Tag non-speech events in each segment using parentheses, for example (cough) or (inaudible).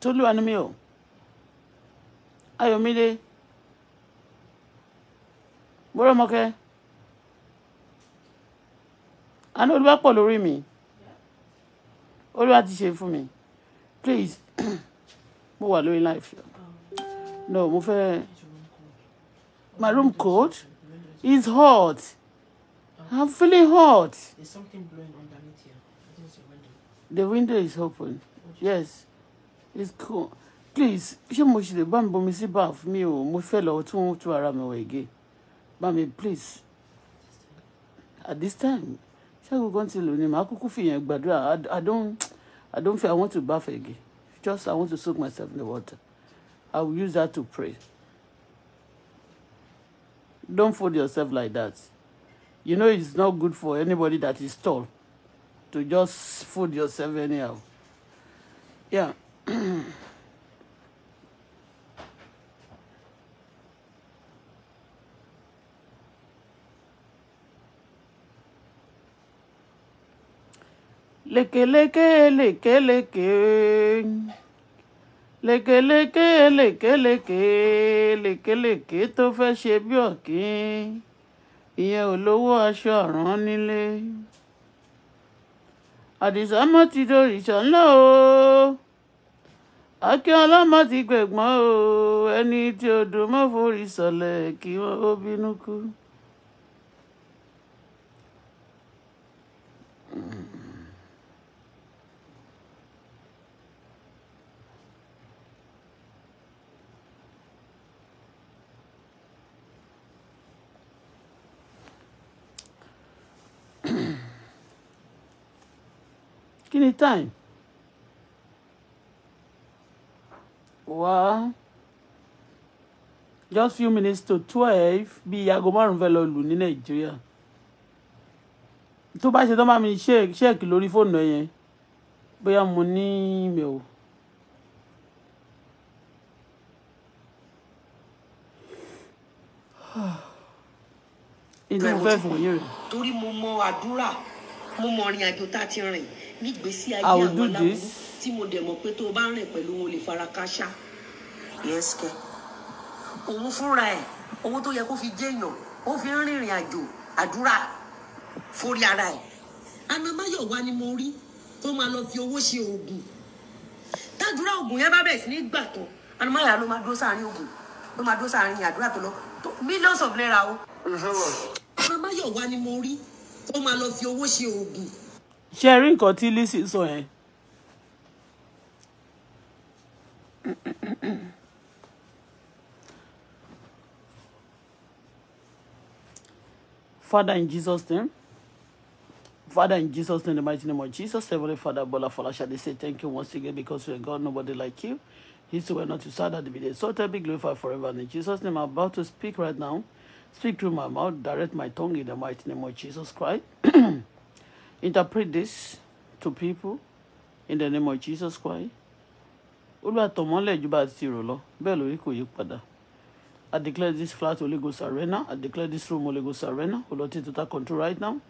tolúwa ni mí o ayọ̀mídé bọ́rọ̀mọ́kẹ́ àná olúwa pọ̀ lórí mi olúwa ti ṣe fún mi please (clears throat) mo wà lórí life no mo fẹ́ my room cold is hot i'm feeling hot the window is open yes it's cool please ṣé mo ṣe lè bá mi bomi sí baff mi ò mo fẹ́ lọ tún tún ara mi wẹ̀ again bá mi please at this time ṣẹ́gun kan ti lò ní màá kúkú fìyẹn gbàdúrà i don't i don't feel i want to baff again just i want to soak myself in the water i will use that to pray don't fold yourself like that you know it's not good for anybody that is tall to just fold yourself anyhow yeah lekeleke (clears throat) lekeleke lekeleke lekeleke lekeleke tó fẹ́ ṣe bí ọ̀kín ìyẹn ò lówó aṣọ ọ̀ràn nílé àdìsá mọ́ ti dorìṣà ńlá o akínọlá má ti gbẹ̀gbọ́n o ẹni tí odò má forí sọlẹ̀ kí wọ́n ó bínú kú. kí ni time. wá just few minutes to twelve bí aago márùn-ún fẹ́ lọ lù ní nàìjíríà tó bá ṣe tán bá mi ṣéèkì lórí fóònù ẹ yẹn bóyá mo ní email. ìdí mo fẹ́ fún yín rẹ̀. torí mo mọ àdúrà mo mọ ìrìn àjò tá a ti rìn nígbèésí ayé àwọn aláwo tí mo dẹ̀ mọ̀ pé tó o bá rìn pẹ̀lú wọn lè fara káṣá yes kẹ òun fúnra ẹ̀ owó tó yẹ kó fi jẹyàn ó fi ń rìnrìn àjò àdúrà forí ara ẹ̀ anamáyọ̀wá ni mo rí tó máa lọ fi owó ṣe oògùn tádúrà oògùn yẹn bá bẹ̀rẹ̀ sí ní gbà tán anamáyà ló máa dúró sáàrin oògùn ló máa dúró sáàrin àdúrà tó lọ millions of naira o. anamáyọ̀wá ni mo rí tó máa lọ fi owó ṣe oògùn. ṣe rí nǹkan tí Lizzy sọ yẹn. Father, in Jesus' name. Father, in Jesus' name, the mighty name of Jesus, Heavenly Father, Bola Falasha, they say thank you once again because you're God, nobody like you. He's were not to sad at the video. So tell be glorified forever. And in Jesus' name, I'm about to speak right now. Speak through my mouth, direct my tongue in the mighty name of Jesus Christ. (clears throat) Interpret this to people in the name of Jesus Christ. Olúwa tọ̀mọ́lẹ̀ ju bá ti rò lọ, bẹ́ẹ̀ I declare this flat Holy Ghost Arena. I declare this room Holy Ghost Arena. O Lord, take total control right now.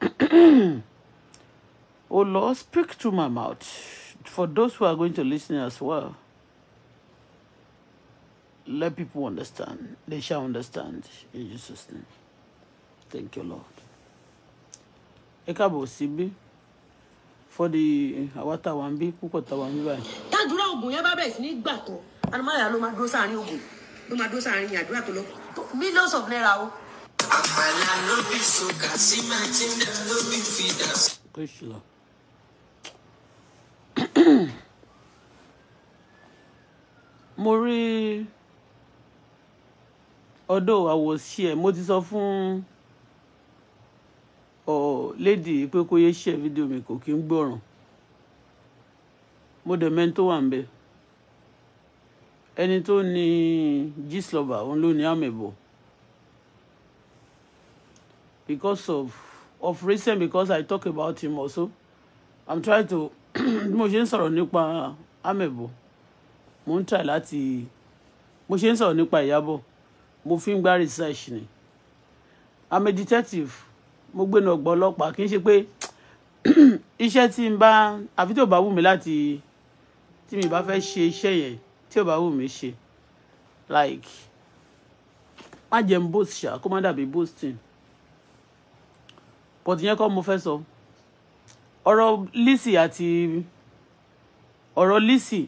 oh (clears throat) Lord, speak through my mouth. For those who are going to listen as well, let people understand. They shall understand. In Jesus' name. Thank you, Lord. Ẹ káàbọ̀ síbí. For the àwa wambi a wà ń bí púpọ̀ tá a wà ń bí báyìí. Tájúrà ògùn yẹn bá bẹ̀rẹ̀ sí ní gbà ló máa dúró sáàárín àdúrà tó lọ. millions of naira o. àpàlà ló bí sọkà sí màtíńdà ló bí fìdá. kò sí lọ. (coughs) mo rí ọ̀dọ̀ àwòṣe ẹ mo ti sọ fún ọ lédi pé kó yé ṣe fídíò mi kò kí ń gbọ́ràn mo dẹ̀ mẹ́ni wà ń bẹ́ẹ̀ ẹni tó ní Gistlover òun ló ní Amebo because of of recent because I talk about him also I'm trying to (clears throat) mo ṣe ń sọ̀rọ̀ nípa Amebo mo ń try láti mo ṣe ń sọ̀rọ̀ nípa Ìyábọ̀ mo fi ń gba research ni I'm a detective mo gbénu ọgbọ́n ọlọ́pàá kì í ṣe pé (clears throat) iṣẹ́ tí n bá àfi tí ò bá wù mí láti tí mi bá fẹ́ ṣe iṣẹ́ yẹn tí ò bá wù mí ṣe like má jẹun boast ṣá kó má dàbí boasting but ìyẹn kọ́ mo fẹ́ sọ ọ̀rọ̀ Lizzy àti ọ̀rọ̀ Lizzy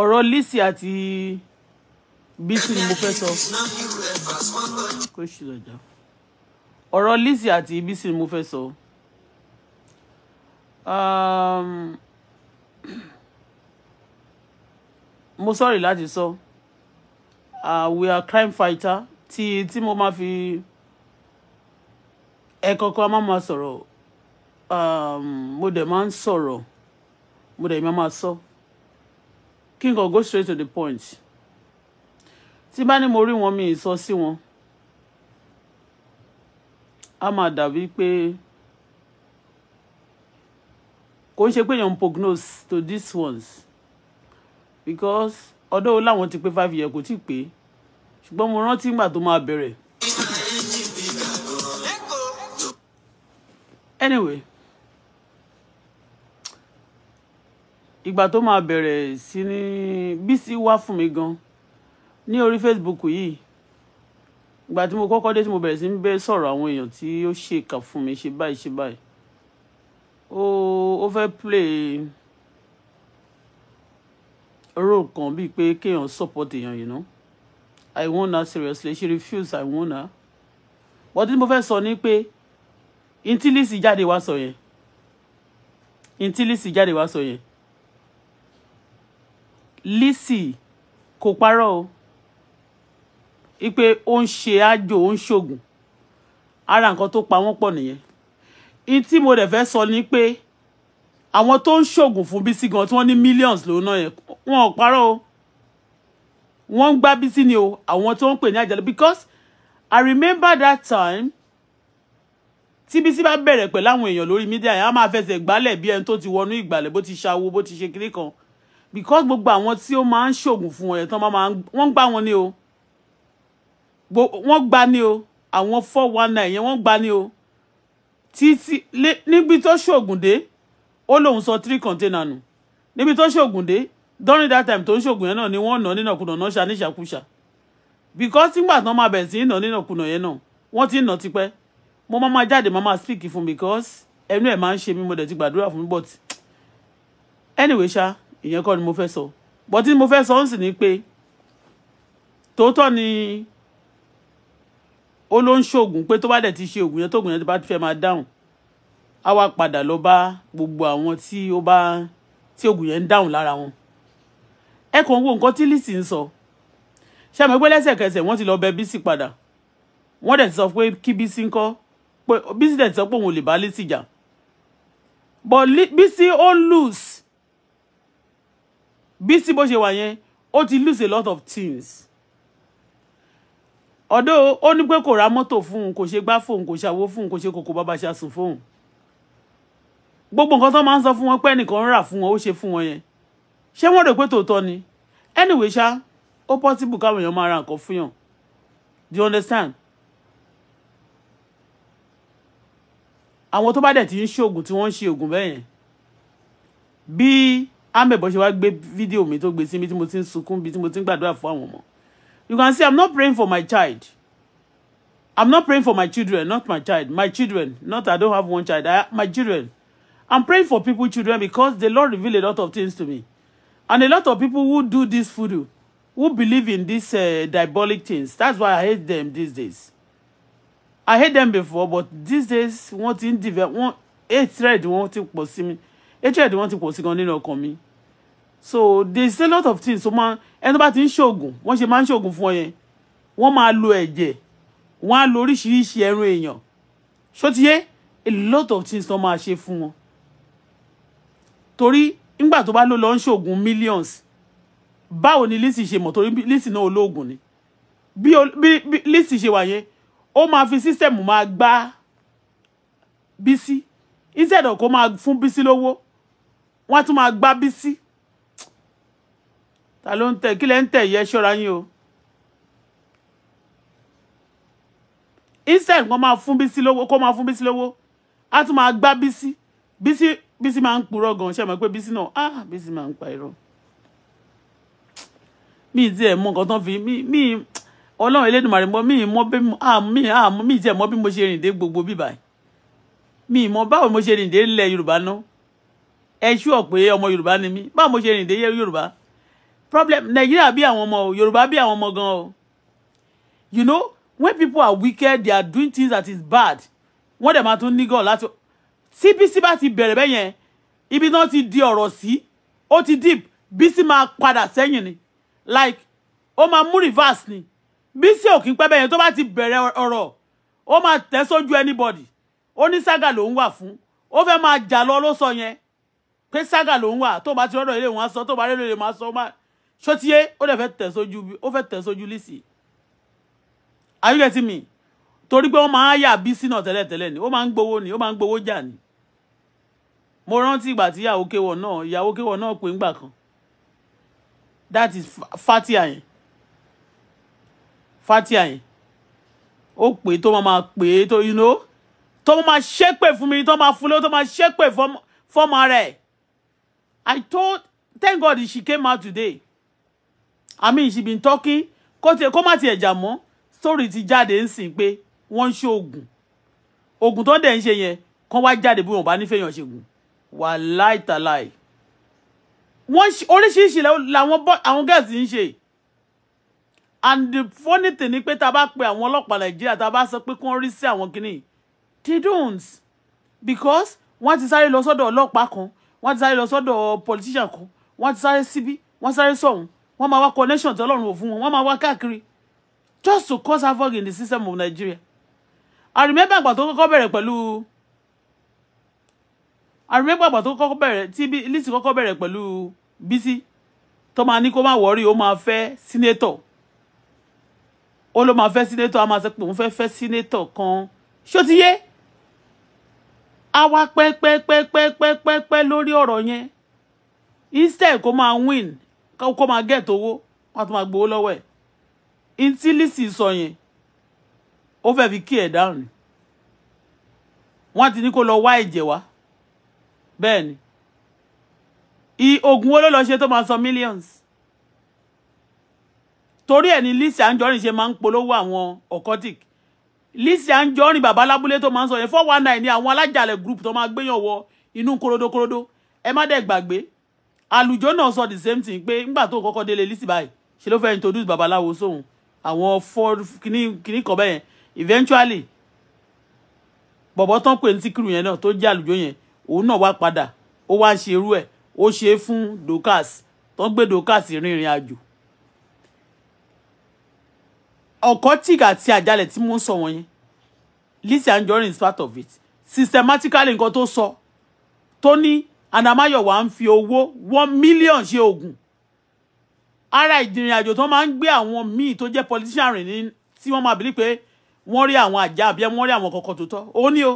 ọ̀rọ̀ Lizzy àti Bisi ni mo fẹ́ sọ kó ṣì lọ́jà ọ̀rọ̀ Lizzy àti Bisi ni mo fẹ́ sọ. Um, mo sorry láti sọ uh, we are crime fighter tí tí mo máa fi ẹ kọ́kọ́ má máa sọ̀rọ̀ um, mo dẹ̀ máa ń sọ̀rọ̀ mo dẹ̀ máa máa sọ kí n kàn go straight to the point tí bá ní mo rí wọn mi sọ sí wọn a máa dàbí pé kò ń ṣe pé èèyàn prognose to these ones because although wo láwọn ti pé five years kò tí ì pé ṣùgbọ́n mo rántí ìgbà tó máa bẹ̀rẹ̀. anyway ìgbà tó máa bẹ̀rẹ̀ sí ní Bísí wá fún mi gan ní orí Facebook yìí ìgbà tí mo kọ́kọ́ dé tí mo bẹ̀rẹ̀ sí ń bẹ́ sọ̀rọ̀ àwọn èèyàn tí ó ṣe kà fún mi ṣe báyìí ṣe báyìí ó fẹ́ play rò nǹkan bíi pé kéèyàn support èèyàn you know I won her seriously she refuse I won her but mo fẹ́ sọ ni pé ntí Lizzy jáde wá sọ yẹn ntí Lizzy jáde wá sọ yẹn Lizzy kò parọ́ o ipe ó ń ṣe àjò ó ń ṣògùn ara nǹkan tó pa wọ́n pọ̀ nìyẹn ntí mo dẹ̀ fẹ́ sọ ni pé àwọn tó ń ṣògùn fún Bísí gan tí wọ́n ní millions ló ná yẹn wọn ò parọ́ o wọ́n ń gbá bísí ni o àwọn tó ń pè ní àjálù because I remember that time tí bísí bá bẹ̀rẹ̀ pẹ̀lú àwọn èèyàn lórí mídíà yẹn á máa fẹsẹ̀ gbálẹ̀ bí ẹni tó ti wọnú ìgbàlẹ̀ bó ti ṣàwo bó ti ṣe kiri kan because gbogbo àwọn tí ó máa ń ṣògùn fún ọ̀yẹ̀ tán máa wọ́n gbá wọn ni o wọ́n gbá ni o àwọn four one nine yẹn wọ́n gbá ni o títí níbi tó ṣògùn dé ó lóun sọ three container nù níbi tó ṣògùn dé during that time tó ń ṣògùn yẹn náà ni wọ́n nà nínàkúnà náà ṣá níṣàkúṣà because nígbà tán máa bẹ̀rẹ̀ sí nà nínàkúnà yẹn náà wọ́n ti nà tipẹ́ mo máa máa jáde máa máa speak fún because ẹnu ẹ̀ máa ń ṣe mí mo dẹ̀ ti gbàdúrà fún mi but anyway ṣá ìyẹn kọ́ ni mo fẹ́ sọ but tí mo fẹ́ sọ ń sì ni pé tòótọ́ ni ó ló ń ṣoògùn pé tó bá dẹ̀ ti ṣe ògùn yẹn tóògùn yẹn bá ti fẹ́ máa dáhùn á wá padà lọ bá gbogbo àwọn tí ó bá tí ògùn yẹn ń dáhùn lára wọn ẹ kàn ń wo nǹkan tí Lizzy ń sọ ṣe àmọ́ pé lẹ́sẹ̀kẹsẹ̀ wọ́n ti lọ bẹ Bísí padà wọ́n dẹ̀ ti sọ pé kí Bísí ń kọ́ pé Bísí dẹ̀ ti sọ pé òun ò lè bá Lizzy jà but Bísí ó lose Bísí bó ṣe wà yẹn ó ti lose a lot of things ọdọ ó ní pé kò ra mọ́tò fún un kò ṣe gbá fóun kò ṣàwó fún un kò ṣe kòkò bàbá ṣàsùn fóun gbogbo nǹkan tó máa ń sọ fún wọn pé ẹnìkan rà fún wọn ó ṣe fún wọn yẹn ṣé wọ́n rò pé tòótọ́ ni anyway ṣá ó possible káwọn èèyàn máa ra nǹkan fún yàn do you understand àwọn tó bá dẹ̀ ti ń ṣoògùn tí wọ́n ń ṣe oògùn bẹ́ẹ̀ yẹn bí amẹ̀bọ̀ ṣe wá gbé fídíò mi tó gbé sí mi tí mo ti ń sunkún bí tí mo ti ń gbàdúrà fún àwọn ọmọ you can see i'm not praying for my child i'm not praying for my children not my child my children not i don't have one child I, my children i'm praying for people children because the lord reveal a lot of things to me And a lot of people who do this voodoo, who believe in these uh, diabolic things, that's why I hate them these days. I hate them before, but these days, wọ́n ti ń develop, wọ́n hatred wọ́n ti pọ̀ sí mi, hatred wọ́n ti pọ̀ sí gan nínú ọkàn mi. So there's a lot of things. So man, ẹni bá ti ń ṣoògùn, wọ́n ṣe máa ń ṣoògùn fún ọ yẹn. Wọ́n máa lo ẹ̀jẹ̀, wọ́n á lo oríṣiríṣi ẹran èèyàn. Ṣó ti yé? A lot of things tó máa ṣe fún wọn. Torí nígbà tó bá ló lọ ń ṣoògùn millions báwo ni Lizzy ṣe mọ̀ torí Lizzy náà olóògùn ni bí Lizzy ṣe wà yẹn ó máa fi sísẹ̀mù máa gbá Bísí instead of kó máa fún Bísí lówó wọ́n á tún máa gbá Bísí ta ló ń tẹ̀ kí lẹ́ ń tẹ̀ yẹ ṣọ́ra yín o instead kó máa fún Bísí lówó kó máa fún Bísí lówó á tún máa gbá Bísí Bísí Bísí máa ń purọ́ gan ṣe mọ̀ pé Bísí náà ah Bísí máa ń pa irọ́ mi ì tiẹ̀ mọ nǹkan tán fi mi mi ọlọ́run elédùnmarè mọ mi ì mọ bí ah, mi ah mi ì tiẹ̀ mọ bí mo ṣe rìn dé gbogbo bíbà mi ì mọ báwo mo ṣe rìn dé ilẹ̀ Yorùbá náà ẹ ṣúọ̀ pé ọmọ Yorùbá ni mí báwo mo ṣe rìn dé Yorùbá problem Nàìjíríà bí àwọn ọmọ Yorùbá bí àwọn ọmọ gan o you know when people are wicked they are doing things that is bad wọ́n dẹ̀ máa tún ní gọ̀ láti tí Bísí bá ti bẹ̀rẹ̀ bẹ́ẹ̀ yẹn ibi náà ti di ọ̀rọ̀ sí ó ti deep Bísí máa padà sẹ́yìn ni like ó máa mú reverse ni Bísí ò kí ń pẹ́ bẹ́ẹ̀ yẹn tó bá ti bẹ̀rẹ̀ ọ̀rọ̀ ó máa tẹ̀ sójú anybody ó ní Saga ló ń wà fún ó fẹ́ máa jà lọ ló sọ yẹn pé Saga ló ń wà tó bá ti rọ́dọ̀ ilé wọn sọ tó bá rẹ́lò ilé wọn sọ ṣó tiye ó dẹ̀ fẹ́ tẹ̀ sójú ó fẹ́ tẹ̀ sójú lísì are you getting me? torí pé wọ́n máa ń yà bísí náà tẹ́lẹ̀tẹ́lẹ̀ ni ó máa ń gbowó ni ó máa ń gbowó jà ni mo rántí ìgbà tí ìyàwó kéwọ náà ìyàwó kéwọ náà pè ńgbà kan that is fatia yẹn fatia yẹn ó pè tó máa máa pè tó you know tó máa máa ṣépè fún mi tó máa fún lé tó máa ṣépè fọ́mọ rẹ̀ I told thank God she came out today I mean she been talking kó má tiẹ̀ jà mọ́ story ti jáde ń sìn pé wọ́n ń ṣe oògùn oògùn tó dẹ̀ ń ṣe yẹn kán wá jáde bí wọn bá nífẹ̀ẹ́ yàn ṣègùn wà láìtàláì wọ́n oríṣiríṣi làwọn àwọn gẹ̀ẹ́sì ń ṣe and the funny thing ni pé tá a bá pe àwọn ọlọ́pàá nàìjíríà tá a so sọ pé kí wọ́n rí sí àwọn they don't because wọ́n ti sáré lọ sọ́dọ̀ ọlọ́pàá kan wọ́n ti sáré lọ sọ́dọ̀ politician kan wọ́n ti sáré síbí wọ́n sáré sọ̀hún wọ́n máa wá connection tí ọlọ́run ò fún wọn wọ́n máa wá káàkiri just to cause havoc in the system of Nigeria I remember àgbà tó kọ́kọ́ bẹ̀rẹ̀ pẹ̀lú I remember àgbà tó kọ́kọ́ bẹ̀rẹ̀ tí Lizzy kọ́kọ́ bẹ̀rẹ̀ pẹ̀lú Bísí tó máa ní kó má wọ́rí ó máa fẹ́ sínétọ̀ ó ló máa fẹ́ sínétọ̀ a máa sọ pé òun fẹ́ fẹ́ sínétọ̀ kan ṣó ti yé a wá pẹ́pẹ́pẹ́pẹ́pẹ́pẹ́ lórí ọ̀rọ̀ yẹn instead kó máa win kó máa get owó wọ́n á tún máa gbowó lọ́wọ́ ẹ̀ ntí Lizzy sọ yẹn ó fẹ́ fi kí ẹ̀ dáhùn ni wọ́n ti ní kó lọ wá ẹ̀jẹ̀ wá bẹ́ẹ̀ ni oògùn wo ló lọ ṣe tó máa san millions torí ẹ̀ ni Lizzy Anjorin ṣe máa ń polówó àwọn occultic Lizzy Anjorin bàbá lábúlé tó máa ń sọ yẹn four one nine ni àwọn alájàlẹ̀ group tó máa gbéyàn wọ inú korodokorodo ẹ má dẹ̀ gbàgbé àlùjọ náà sọ the same thing pé ńgbà tó kọ́kọ́ délé Lizzy báyìí ṣe ló fẹ́ introduce babaláwo sóhun àwọn fọ́ kìnnìkan bẹ́yẹn eventually bọ̀bọ̀ tán pè ní síkírù yẹn náà tó jẹ́ àlùjọ yẹn òun náà wá padà ó wá ṣe irú ẹ̀ ó ṣe é fún Dorcas tó ń gbé Dorcas rìnrìn àjò Occultic àti àjálẹ̀ mo ń sọ wọ̀nyẹn Lizzy Anjorin is part of it systematically nǹkan tó so tó ní Anamáyọ̀wá ń fi owó one million ṣe oògùn ara ìdìrìn àjò tó máa ń gbé àwọn míì tó jẹ́ politician rìn ní tí wọ́n máa bìlí pé wọ́n rí àwọn àjà àbí wọ́n rí àwọn kọ̀ọ̀kan tó tọ́ ó ní o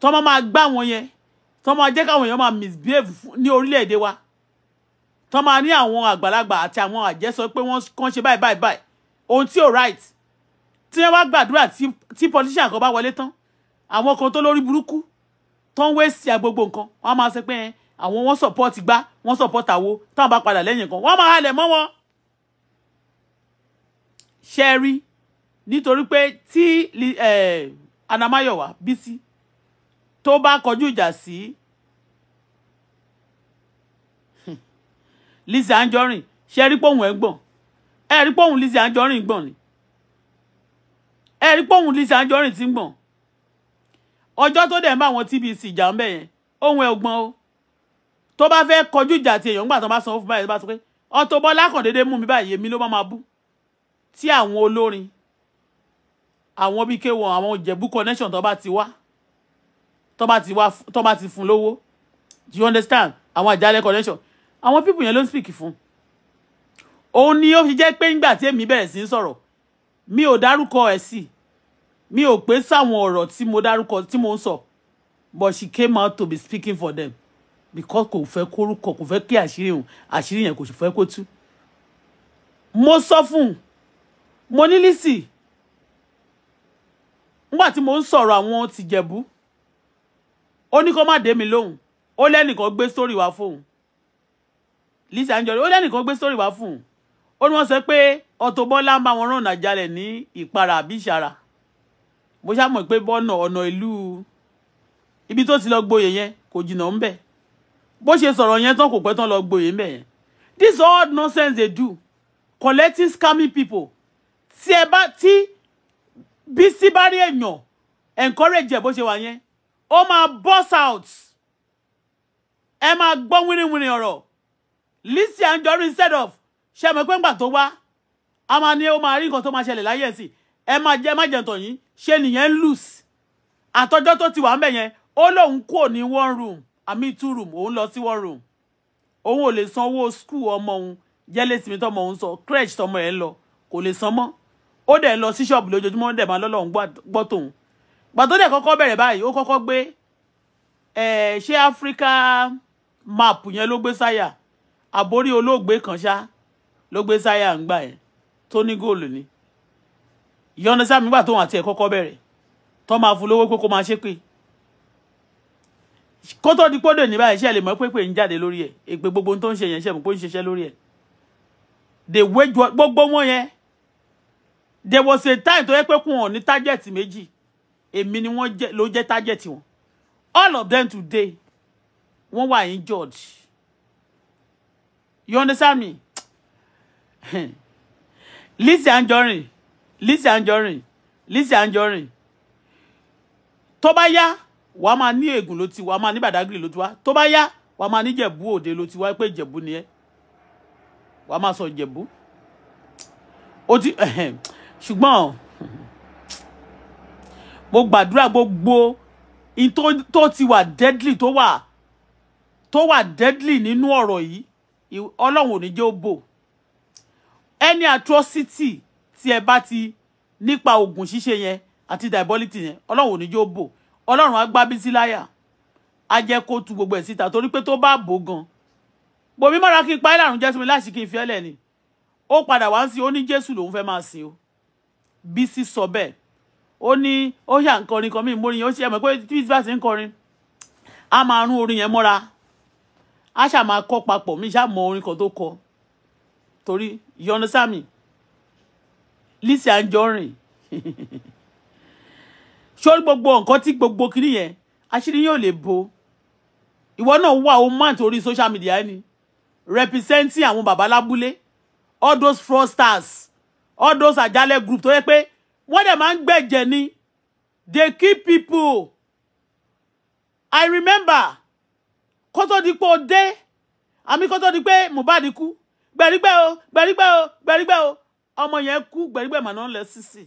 tọ́ máa máa gbá wọn yẹn tọ́ máa jẹ́ káwọn èèyàn máa misbehave ní orílẹ̀-èdè wa tọ́ máa ní àwọn àgbàlagbà àti àwọn àjẹ́ sọ pé wọ́n kàn ṣe báyìí báyìí báyìí ohun tí ò right tí wọ́n bá gbàdúrà tí politician kan bá wọlé tán àwọn kan tó lórí burúkú tó ń wéṣì agbogbo nǹkan wọ́n máa sọ pé àwọn wọ́n support gbá wọ́n support àwo táwọn bá padà lẹ́yìn kan wọ́n máa halẹ̀ mọ́ wọn. ṣẹ́ẹ́rì nítorí pé tí Anamáyọ̀wá Bísí tó bá kọjú ìjà sí (laughs) Lizzy Anjorin ṣe rí pòun ẹ̀ gbọ̀n ẹ rí pòun Lizzy Anjorin gbọ̀n ni ẹ rí pòun Lizzy Anjorin ti ń gbọ̀n ọjọ́ tó dẹ̀ ń bá àwọn TBC ìjà ń bẹ̀ yẹn ohun ẹ̀ ògbọ́n o tó bá fẹ́ kọjú ìjà àti èèyàn nígbà tó bá sanwó fún báyìí tó bá sọ pé Auto Bola kàn déédéé mú mi báyìí èmi ló má máa bú tí àwọn olórin àwọn bíi kéwọn àwọn ìjẹ̀bú connection tó bá ti wá tó bá ti wá tó bá ti fún lówó do you understand àwọn àjálẹ̀ connection àwọn pípù yẹn ló ń speak fún òun ni ó fi jẹ́ pé ńgbà tí èmi bẹ̀rẹ̀ sí í sọ̀rọ̀ mi ò dárúkọ ẹ̀ sí mi ò pé sáwọn ọ̀rọ̀ tí mo dárúkọ tí mo ń sọ but she came out to be speaking for them because kò fẹ́ kórúkọ kò fẹ́ kí àṣírí òun àṣírí yẹn kò sì fẹ́ kó tú mo sọ fún un mo ní lísì nígbà tí mo ń sọ̀rọ̀ àwọn tìjẹ̀bú ó ní kó má dé mi lóhùn ó lẹ́nìkan gbé sórí wá fóun Lizzy Anjorin ó lẹ́nìkan gbé sórí wá fóun ó ní wọ́n sọ pé Auto Bola ń bá wọn rán nàjálẹ̀ ní ìpara àbí ìṣara mo ṣàmọ̀ pé bọ́nà ọ̀nà ìlú ibi tó ti lọ gboyè yẹn kò jìnnà ń bẹ̀ bó ṣe sọ̀rọ̀ yẹn tán kò pẹ́ tán lọ gboyè ń bẹ̀ yẹn this all nonsense they do collecting scamming people tí ẹ bá tí Bísí bá rí èèyàn encourage ẹ̀ bó ṣe wà yẹn ó máa burst out ẹ máa gbọ́ wínìwínì ọ̀rọ̀ Lizzy Anjorin instead of ṣe mọ̀ pé ńgbà tó wá a máa ní ó máa rí nǹkan tó máa ṣẹlẹ̀ láyé ẹ̀ sí ẹ máa jẹ́ má jẹ́ ntọ̀ yín ṣe nìyẹn ń lose àtọ́jọ́ tó ti wà ń bẹ̀ yẹn ó lóun kò ní one room I àmì two room òun lọ sí one room òun ò lè san owó school ọmọ òun jẹ́lẹ́sìmí tọmọ òun sọ crèche tọmọ ẹ̀ lọ kò lè san mọ́ ó dẹ̀ lọ sí ṣọ́ọ̀bù lójoojúmọ́ dẹ̀ máa lọ́lọ́run gbọ́ tòun gbà tó dẹ̀ kọ́kọ́ bẹ̀rẹ̀ báyìí ó kọ́kọ́ gbé ṣé áfíríkà map yẹn ló gbé sáyà àbórí olóògbé kan ṣá ló gbé sáyà ń gbà yẹn tó ní góòlù ni ìyọ́nà sáà mi gbà tóun àti ẹ̀ kọ́kọ́ bẹ̀rẹ̀ tó máa fún lówó pé kó máa ṣépè kó tó di pódò ní báyìí ṣe lè mọ̀ pépè ń jáde lórí ẹ̀ èpè gbogbo tó ń ṣe yẹn ṣe mọ̀ pé ń ṣiṣẹ́ lórí ẹ̀ dè gbogbo wọn yẹn there was a time to yẹ pé kún target méjì èmi ni wọ́n jẹ́ ló jẹ́ target wọn all of them today wọ́n wà in George you understand me (sniffs) Lizzy Anjorin Lizzy Anjorin Lizzy Anjorin tó bá yá wàá máa ní Ègùn ló ti wàá máa ní Bàdágìrì ló ti wá tó bá yá wàá máa ní Jẹ̀bú Òde ló ti wá pé Jẹ̀bú ni ẹ́ wàá máa sọ Jẹ̀bú ó ti (sniffs) ṣùgbọ́n mo gbàdúrà gbogbo in tó ti wà deadly tó wà tó wà deadly nínú ọ̀rọ̀ yìí ọlọ́run ò ní jẹ́ ó bò any atrocity tí ẹ bá ti nípa oògùn ṣíṣe yẹn àti diabolity yẹn ọlọ́run ò ní jẹ́ ó bò ọlọ́run á gbá bísí láyà á jẹ́ kó tu gbogbo ẹ̀ síta torí pé tó bá bò gan bòmí mọ́ra kí n pa ẹ́ lárùn jẹ́sùn mi láṣìkí ìfẹ́ lẹ̀ ó padà wá ń sin ó ní jésù lòun fẹ́ máa sin o. Bísí sọ bẹ́ẹ̀ ó ní ó ṣà ń kọrin kan mí mórin yẹn ó ṣe é mọ̀ pé tí Bísí bá ti ń kọrin a máa rún orin yẹn mọ́ra a ṣà máa kọ́ papọ̀ mi ṣá mọ orin kan tó kọ torí you understand me Lizzy Anjorin sórí (laughs) gbogbo nǹkan tí gbogbo kiri yẹn àṣírí yóò lè bo ìwọ náà wà ó máa torí social media ni representing àwọn baba lábúlé all those fraudsters all those àjálẹ̀ group tó yẹ pé wọ́n dẹ̀ máa ń gbẹ̀jẹ̀ ni they keep people i remember kó di pé o dé àmì kó di pé Mohbad kú gbẹ̀rígbẹ́ o gbẹ̀rígbẹ́ o gbẹ̀rígbẹ́ o ọmọ yẹn kú gbẹ̀rígbẹ́ màná lẹ sísì.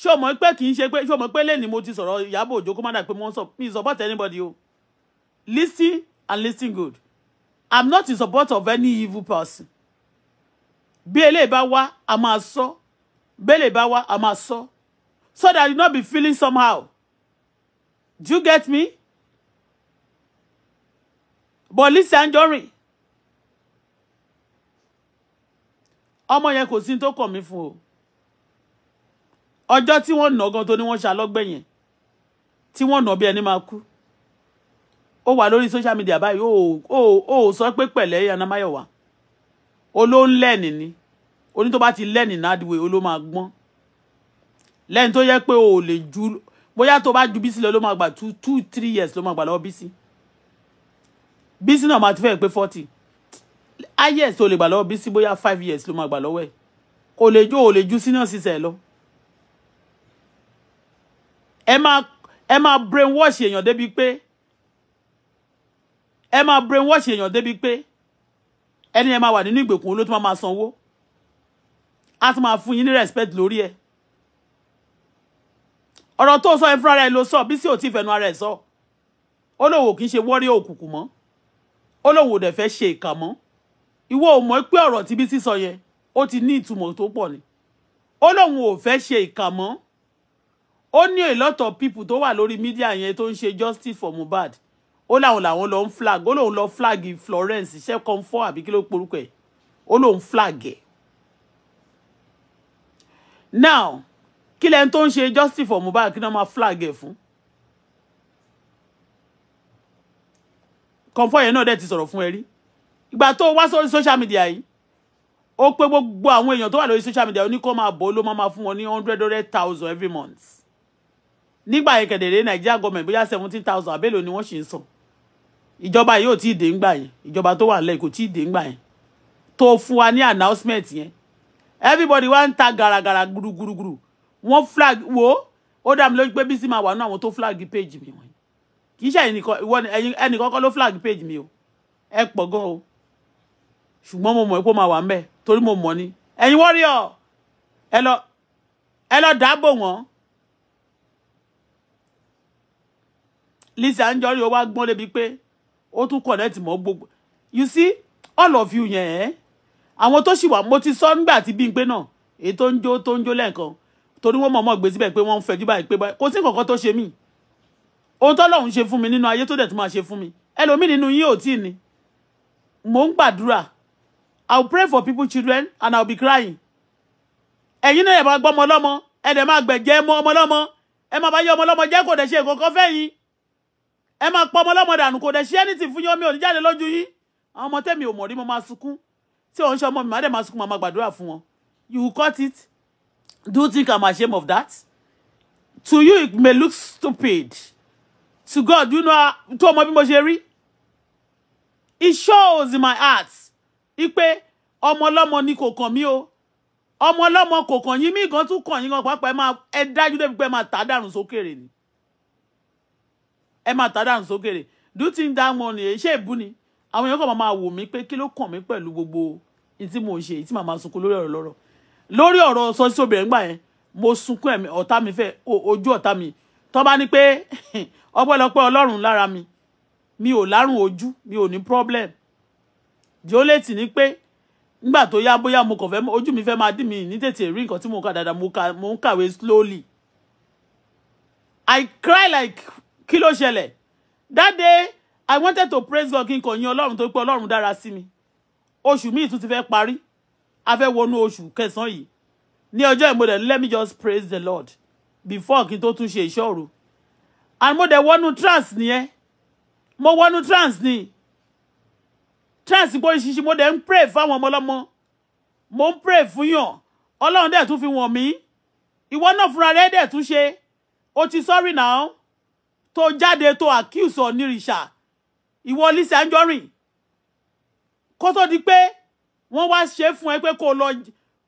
ṣé o mọ̀ pé kì í ṣe pé ṣé pé lẹ́ni mo ti sọ̀rọ̀ Ìyábọ̀ Òjó kó má dà pé mo ń sọ mi ìsọ̀bọ̀tẹ̀ anybody o listen and listen good i'm not in support of any evil person bí eléyìí bá wá a máa sọ bí eléyìí a máa so that you not be feeling somehow do you get me but listen, Jory, ọmọ yẹn kò sí tó kàn mí fún o ọjọ́ tí wọ́n nà gan tó ní wọ́n ṣàlọ́gbẹ̀ yẹn tí wọ́n nà bí ẹni máa kú ó wà lórí social media báyìí ó ó ó sọ pé pẹ̀lẹ́ yanamáyọ̀wá olóhùn lẹ́ẹ̀nì ni oní tó bá ti lẹ́ẹ̀nì nádìwé ó ló máa gbọ́n lẹ́yìn tó yẹ pé o lè ju Boya tó bá ju bísí lọ ló máa gbà two two three years ló máa gbà lọ́wọ́ Bisi bísí náà máa ti fẹ́ pé forty Aye, tó lè gbà lọ́wọ́ bísí bóyá five years ló máa gbà lọ́wọ́ ẹ̀ kò lè ju o lè ju senior sísẹ̀ lo. ẹ máa ẹ máa brainwash èèyàn débi pé ẹ máa brainwash èèyàn débi pé ẹni ẹ máa wà nínú ìgbèkùn olóòtú máa sanwó á tún máa fún yín ní respect lórí ẹ ọ̀rọ̀ tó sọ ẹ fúnra rẹ ló sọ bí sí ò tí fẹnu ara ẹ sọ ó lòwò kì í ṣe wọ́rí òkùnkùn mọ́ ó lòwò dẹ̀ fẹ́ ṣe ìkà mọ́ ìwọ ò mọ̀ pé ọ̀rọ̀ tí Bísí sọ yẹn ó ti ní ìtumọ̀ tó pọ̀ ni ó lòun ò fẹ́ ṣe ìkà mọ́ ó ní a lot of people tó wà lórí mídíà yẹn tó ń ṣe justice for Mohbad ó láwọn làwọn lọ ń flag ó lóun lọ flag Florence iṣẹ́ kan fọ́ àbí kí ló porúkọ ẹ̀ ó lóun flag ẹ̀. now kí lẹ́ni tó ń ṣe justice for Mohbad kí ni máa flag ẹ̀ fún. kọ̀ǹfọ̀ yẹn náà dẹ̀ ti sọ̀rọ̀ fún ẹ rí ìgbà tó wá sórí social media yìí ó pé gbogbo àwọn èèyàn tó wà lórí social media ó ní kó máa bọ̀ ó ló máa fún wọn ní hundred hundred thousand every month nígbà yẹn kẹ̀dẹ̀rẹ́ Nàìjíríà gọọmẹ̀ bóyá seventeen thousand àbẹ́lò ni wọ́n ṣì ń san ìjọba yìí ò tí ì dé ńgbà yẹn ìjọba tó wà nílẹ̀ kò tí ì dé ńgbà yẹn tó fún wa ní announcement yẹn everybody wá ń ta gàràgàrà gurugurugburu wọ́n flag wo ó dá mi lójú pé Bísí máa wà nínú àwọn tó flag page mi wọ̀nyí kì í ṣe ẹnìkan kọ́ ló flag page mi o ẹ pọ̀ gan o ṣùgbọ́n mo mọ̀ pé ó máa wà ń bẹ̀ torí mo mọ̀ ni ẹ̀yin warrior ẹ lọ ẹ lọ dáàbò wọ́n Lizzy Anjorin ó wá gbọ́n débi pé ó tún connect mọ́ gbogbo you see all of you yẹn ẹ́ eh? àwọn to sì wà mo ti sọ nígbà tí Bímpé náà èyí tó ń jó tó ń jó lẹ́ẹ̀kan torí wọ́n mọ̀ọ́mọ̀ gbé síbẹ̀ pé wọ́n ń fẹjú báyìí pé kò sí nǹkan kan tó ṣe mí to tọ́lọ́run ṣe fún mi nínú ayé to dẹ̀ tún máa ṣe fún mi ẹlòmíì nínú yín ò tíì ní mò ń gbàdúrà i will pray for people children and i will be crying ẹ̀yin náà yẹ̀ máa gbọ́ ọmọ ọlọ́mọ ẹ̀ dẹ̀ máa gbẹ̀jẹ̀ mọ́ ọmọ ọlọ́mọ ẹ máa bá yẹ ọmọ ọlọ́mọ jẹ́ kò dẹ̀ ṣe nǹkan kan fẹ́ ẹ máa pọ ọmọ ọlọ́mọ dànù kò dẹ̀ ṣe anything fún yín omi ò ní jáde lójú yín àwọn ọmọ tẹ́mi ò mọ̀ rí mo máa sunkún tí òun ṣe ọmọ mi máa dẹ̀ máa sunkún máa gbàdúrà fún wọn you cut it do you think I'm ashamed of that to you it may look stupid to God you know tó ọmọ bí mo ṣe rí it shows in my heart ipe ọmọ ọlọ́mọ ni kò kàn mí o ọmọ ọlọ́mọ kò kàn yín mí gan tún kàn yín gan pàápàá ẹ máa ẹ dájú débi pé ẹ máa tà á dànù sókèrè ni ẹ máa tà dànù sókèrè do you think that money ẹ ṣe ìbú ni àwọn èèyàn kan máa wò mí pé kí ló kàn mí pẹ̀lú gbogbo tí mo ṣe tí mama sunkún lori ọ̀rọ̀ lọ́rọ̀ lórí ọ̀rọ̀ sọ sí obìnrin gbà yẹn mo sunkún ẹ̀mí ota mi fẹ́ ojú ọ̀tá mi tó bá ní pé (laughs) ọpẹ́lọpẹ́ ọlọ́run lára mi mi o lárùn oju mi o ni problem jólẹ́tì ni pé nígbà tó yá bóyá mo kàn fẹ́ ojú mi fẹ́ máa dì mí ní tètè rí nǹkan tí mo kà dáadáa mo ń kàwé slowly I cry like kí ló ṣẹlẹ̀ that day i wanted to praise god kí n kò yin ọlọ́run tó pé ọlọ́run dára sí mi oṣù míì tún ti fẹ́ parí a fẹ́ wọnú oṣù kẹsàn-án yìí ní ọjọ́ ìmọ̀lẹ̀ let me just praise the lord before kí n tó tún ṣe ìṣòro and mo dẹ̀ wọnú trance nìyẹn mo wọnú trance ni trance pé oríṣiríṣi mo dẹ̀ ń pray fáwọn ọmọ ọlọ́mọ mo ń pray fún yàn ọlọ́run dẹ̀ tún fi wọ̀n mí ìwọ náà fúnra rẹ̀ dẹ̀ tún ṣe o ti sorry now tó jáde tó accuse onírìṣà ìwọ Lizzy Anjorin kó tó di pé wọ́n wá ṣe fún ẹ pé kó lọ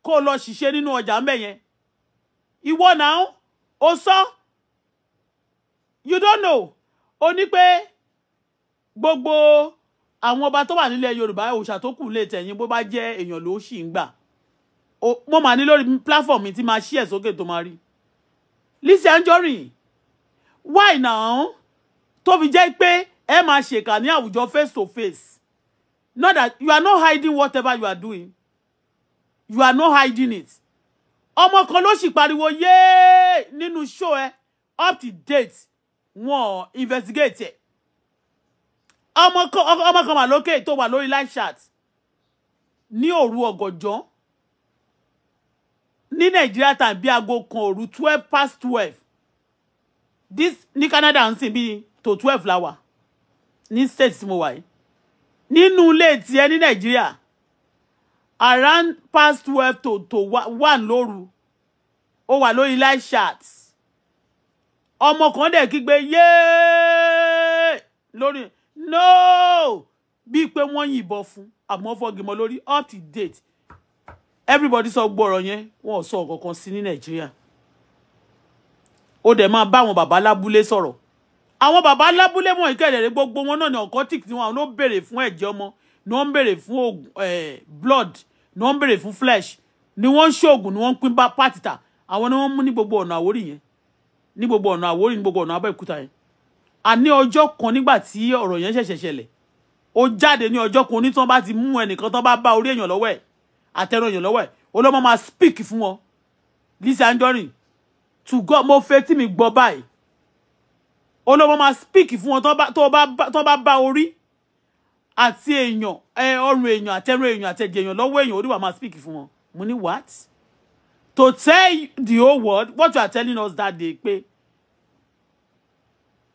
kó lọ ṣiṣẹ́ nínú ọjà ńbẹ̀ yẹn ìwọ náà ó sọ you don't know ó ní pé gbogbo àwọn ọba tó wà nílẹ̀ Yorùbá òòṣà tó kù lè tẹ̀yìn bó bá jẹ́ èèyàn ló ṣì ń gbà mo mà ní lórí platform mi tí máa ṣí ẹ̀ sókè tó máa rí Lizzy Anjorin why now tó fi jẹ́ pé ẹ máa ṣèkà ní àwùjọ face to face not that you are not hiding whatever you are doing you are not hiding it ọmọ kan ló sì pariwo yéé nínú show ẹ up to date wọn investigate ẹ ọmọ kan wà lókè tó wà lórí live chat ní òru ọ̀gànjọ́ ní nàìjíríà tàbí aago kan òru twelve past twelve this ní Canada ń sìn to tó twelve la wà ní state tí mo wà yìí nínú ilé tiẹ̀ ní Nàìjíríà around past twelve to to one lóru ó wà lórí live chat ọmọ kan dẹ̀ kígbe yéé lórí no bíi pé wọ́n yìnbọn fún àmọ́ fọ́gìmọ̀ lórí up to date everybody sọ gbọ́rọ̀ yẹn wọ́n sọ ọ̀kọ̀ọ̀kan sí ní Nigeria? ó dẹ̀ máa bá àwọn bàbá lábúlé sọ̀rọ̀ àwọn bàbá lábúlé mọ̀ ìkẹ́lẹ̀ rẹ gbogbo wọn náà ní ọ̀kọ́tìkì tí wọn àwọn ló béèrè fún ẹ̀jẹ̀ ọmọ ni wọ́n ń béèrè fún blood ni wọ́n ń fún flesh ni wọ́n ń ṣoògùn ni wọ́n ń pín bá pátìtà àwọn ni wọ́n mú ní gbogbo ọ̀nà àwórì yẹn ní gbogbo ọ̀nà àwórì ní gbogbo ọ̀nà abẹ́òkúta yẹn àní ọjọ́ kan nígbà tí ọ̀rọ̀ yẹn ṣẹ̀ṣẹ̀ ṣẹlẹ̀ ó jáde ní ọjọ́ kan onítàn bá ti mú ẹnìkan tán bá bá orí èèyàn lọ́wọ́ ẹ̀ àtẹ̀rọ èèyàn lọ́wọ́ ẹ̀ ó lọ́ máa speak fún wọn Lizzy Anjorin to God mo fetí mi gbọ́ báyìí olówó máa speak fún wọn tó bá bá orí àti èèyàn ọrùn èèyàn àtẹrù èèyàn àtẹ̀jẹ̀ èèyàn lọ́wọ́ èèyàn oríwà máa speak fún wọn mo ní what to tell the whole world what you are telling us that day pé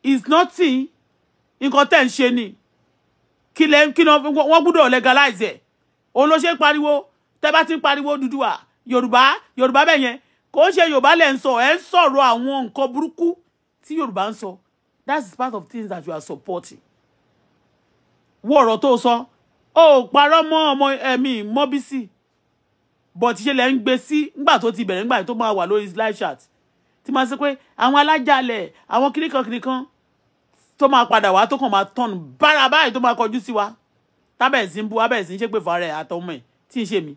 is nothing nǹkan tẹ̀ ń ṣe ni kí lẹ́ kí wọ́n gbọ́dọ̀ legalize ẹ̀ òun ló ṣe ń pariwo tẹ́ bá ti ń pariwo Odùduwà Yorùbá Yorùbá bẹ́ẹ̀ yẹn kò ń ṣe yorùbá lẹ̀ ń sọ ẹ̀ ń sọ̀rọ̀ àwọn nǹkan burúkú tí yorùbá ń sọ that's part of things that you are supporting wo ọ̀rọ̀ tó sọ ó parọ́ mọ́ ọmọ ẹ̀mí mọ́bísì bọ̀tí ṣe lẹ̀ ń gbé sí nígbà tó ti bẹ̀rẹ̀ nígbà tó máa wà lórí live chat tí máa sọ pé àwọn alájàlẹ̀ àwọn kìnìkan kìnìkan tó máa padà wá tó kàn máa tọ̀nù bára báyìí tó máa kọjú sí wa tábẹ̀ sí ń bu abẹ̀ sí ń ṣépè fara ẹ̀ àtọmọ ẹ̀ tí ń ṣe mi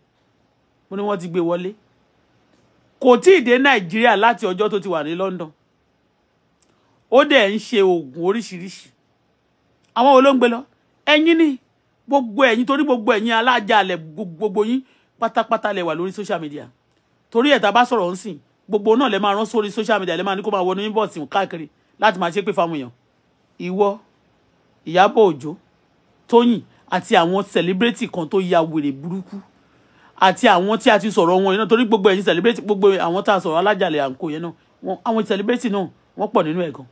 mo ní wọ́n ti gbé wọlé kò tí ì dé nàìjíríà láti ọjọ́ tó ti wà ní London ó dẹ̀ ń ṣe oògùn oríṣiríṣi àwọn wo ló ń gbé lọ ẹ̀yin ni gbogbo ẹ̀yin torí gbogbo ẹ̀yin alájàalẹ̀ gbogbo yín pátápátá lẹ wà lórí social media torí ẹ̀ tá a bá sọ̀rọ̀ ń sìn gbogbo náà lẹ máa rán sórí social media lẹ máa ní kó máa wọnú inbox káàkiri láti máa ṣépè fáwọn èèyàn ìwọ Ìyábọ̀ Òjó Tóyìn àti àwọn celebrity kan tó ya wèrè burúkú àti àwọn tí a ti sọ̀rọ̀ wọn iná torí gbogbo ẹ̀yin celebrity gbogbo àwọn tá a sọ̀rọ̀ alájàlẹ̀ àǹkó yẹn náà àwọn celebrity náà wọ́n pọ̀ nínú ẹ̀ gan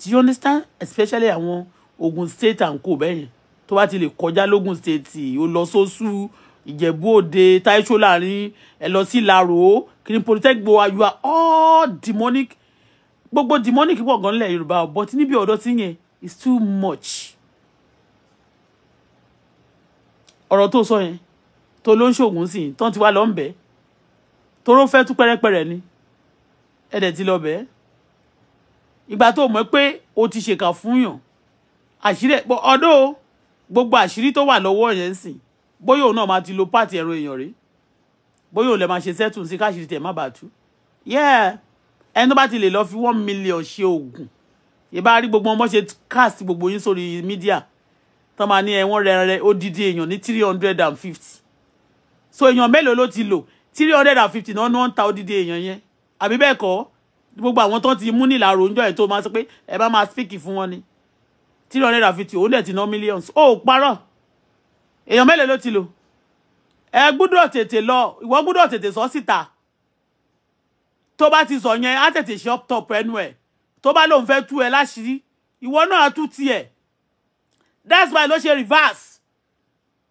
do you understand especially àwọn Ogun State àǹkó bẹ́ẹ̀ yẹn tó bá ti lè kọjá lógun State ó lọ sósù Ìjẹ̀bú Òde Táíṣó láàrin ẹ lọ sí Ìlàró kìnìún polytech gbo you are all demonic gbogbo demonic pọ̀ gan nílẹ̀ Yorùbá but níbi ọ̀dọ́ tí yẹn is too much ọ̀rọ̀ tó sọ yẹn tó ló ń ṣògùn sí i tán ti wá lọ ń bẹ́ toró fẹ́ tú pẹ́rẹ́pẹ́rẹ́ ni ẹ̀dẹ̀ ti lọ bẹ́ ìgbà tó mọ̀ pé o ti ṣèkà fún yàn àṣírí ọdọ́ gbogbo àṣírí tó wà lọ́wọ́ yẹn sìn bóyá òun náà máa ti lo páàtì ẹ̀rọ èèyàn rí bóyá òun lè máa ṣe sẹ́tù sí káṣírí tẹ̀ má bàa tú yẹ́ẹ̀ ẹni tó bá ti lè lọ fi one million ṣe oògùn ìbá rí gbogbo ọmọ ṣe cast gbogbo yín sórí mídíà tán máa ní ẹ̀wọ̀n rẹ̀ rẹ̀ odidi èèyàn ní three hundred and fifty so èèyàn mélòó ló ti lò three hundred and fifty náà ni wọ́n ń ta odidi èèyàn yẹn àbí bẹ́ẹ̀ kọ́ gbogbo àwọn tó ti mú nílàró ń jọ ẹ̀ tó máa sọ pé ẹ bá máa speak fún wọn ni three hundred and fifty òun dẹ̀ ti ná millions ó parọ́ èèyàn mélòó ló ti lò ẹ gbúdọ̀ tètè lọ ìwọ gbúdọ̀ tètè sọ síta tó bá ti sọ yẹn á tètè shop top ẹnu ẹ tó bá lóun fẹ́ tú ẹ láṣìírí ìwọ náà á tú that's why ló ṣe reverse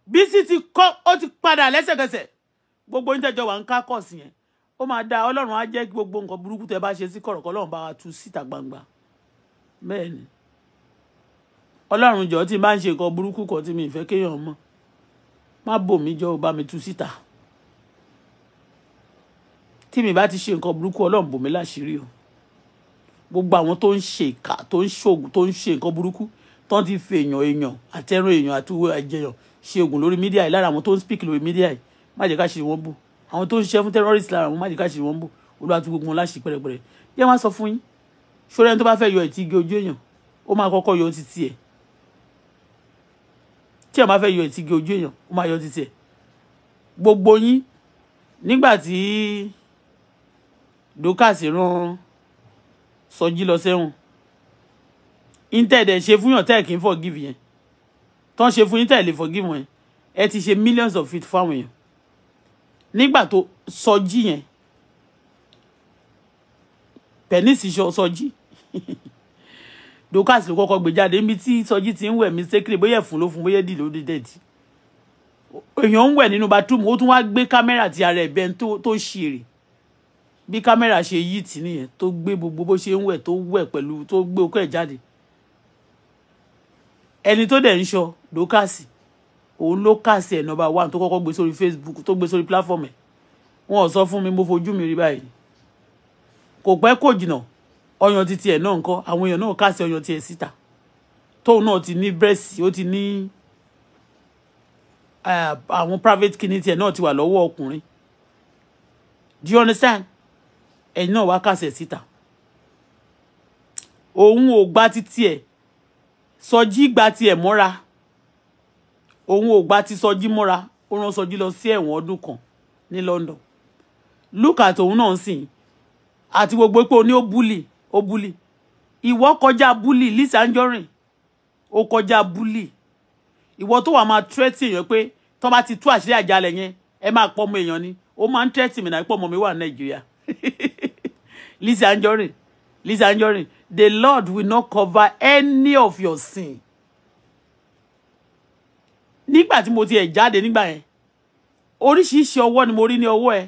Bísí ti kọ́ ó ti padà lẹ́sẹ̀kẹsẹ̀ gbogbo ní tẹ́jọ́ wà ń ká kọ̀ọ̀sì yẹn ó máa dáa ọlọ́run á jẹ́ kí gbogbo nǹkan burúkú tẹ́ bá ṣe sí kọ̀rọ̀kọ̀ ọlọ́run bá wa tú síta gbangba bẹ́ẹ̀ ni ọlọ́run jọ tí n bá ń ṣe nǹkan burúkú kan tí mi ì fẹ́ kéèyàn mọ̀ má bò mí jọ ó bá mi tú síta tí mi bá ti ṣe nǹkan burúkú ọlọ́run bò mí láṣìírí o gbogbo àwọn tó ń ṣe ìkà tó ń ṣògùn tó ń ṣe nǹkan burúkú tó ń ti fi èèyàn èèyàn àtẹrun èèyàn àti owó àjẹyàn ṣe oògùn lórí mídíà yìí lára àwọn tó ń speak lórí mídíà yìí má jẹ́ ká ṣe wọ́n bù àwọn tó ń ṣiṣẹ́ fún terrorist lára àwọn má jẹ́ ká ṣe wọ́n bù olúwa tó gbogbo wọn láṣì pẹ́rẹ́pẹ́rẹ́ yẹ wá sọ fún yín ṣọlá ẹni tó bá fẹ́ yọ ìtì igi ojú èèyàn ó máa kọ́kọ́ yọ ti tiẹ̀ tí ẹ̀ bá fẹ́ yọ ìtì igi ojú èèyàn ó máa yọ ti tiẹ̀ gbogbo yín nígbà tí dókàsì rán sọjí lọ sẹ́wọ̀n intẹ́ẹ̀dẹ̀ ṣe fúnyàn tẹ́ẹ̀ kì í forgive yẹn tó ń ṣe fún yín tẹ̀lé forgive wọn ẹ ti ṣe millions of it fáwọn èèyàn nígbà tó sọjí yẹn pẹ̀nísì sọjí (laughs) dokas ló kọ́kọ́ gbé jáde níbi tí sọjí ti ń wẹ̀ mistakenly bóyá ẹ̀fún ló fún bóyá dì ló dé dẹ̀dí èèyàn ń wẹ̀ nínú bathroom ó tún wá gbé kámẹ́rà ti ara ẹ̀ bẹ́ẹ̀ tó ṣèrè bí kámẹ́rà ṣe yí tì nìyẹn tó gbé gbogbo bó ṣe ń wẹ̀ tó wẹ̀ pẹ̀lú tó gbé okó ẹ̀ jáde ẹni tó dẹ̀ ń sọ ló kà sí òun ló kà ẹ̀ nọ́mbà one tó kọ́kọ́ gbé sórí Facebook tó gbé sórí platform ẹ̀ wọn ò sọ fún mi mo fojú mi rí báyìí kò pẹ́ kò jìnà ọyàn titi ẹ̀ náà ń kọ́ àwọn èèyàn náà kà sí ọyàn tiẹ̀ síta tóun náà ti ní bírèsì ó ti ní àwọn private clinic tiẹ̀ náà ti wà lọ́wọ́ ọkùnrin do you understand ẹ̀yin náà wá kà sí ẹ̀ síta òun ò gba titi ẹ̀ sọjí gba tiẹ̀ mọ́ra òun ò gba ti sọjí mọ́ra ó rán sọjí lọ sí ẹ̀wọ̀n ọdún kan ní London look at náà sìn àti gbogbo pé o ní ó búlì ó búlì ìwọ kọjá búlì Lizzy Anjorin ó kọjá búlì ìwọ tó wà máa tírẹ́tì èèyàn pé tó bá ti tú àṣírí àjálẹ̀ yẹn ẹ máa pọ́ ọmọ èèyàn ni ó máa ń tírẹ́tì mìíràn pé ọmọ mi wà ní Nàìjíríà (laughs) Lizzy Anjorin Lizzy Anjorin, the Lord will not cover any of your sin. Nígbà tí mo ti ẹ̀ jáde nígbà yẹn, oríṣiríṣi ọwọ́ ni mo rí ní ọwọ́ ẹ̀.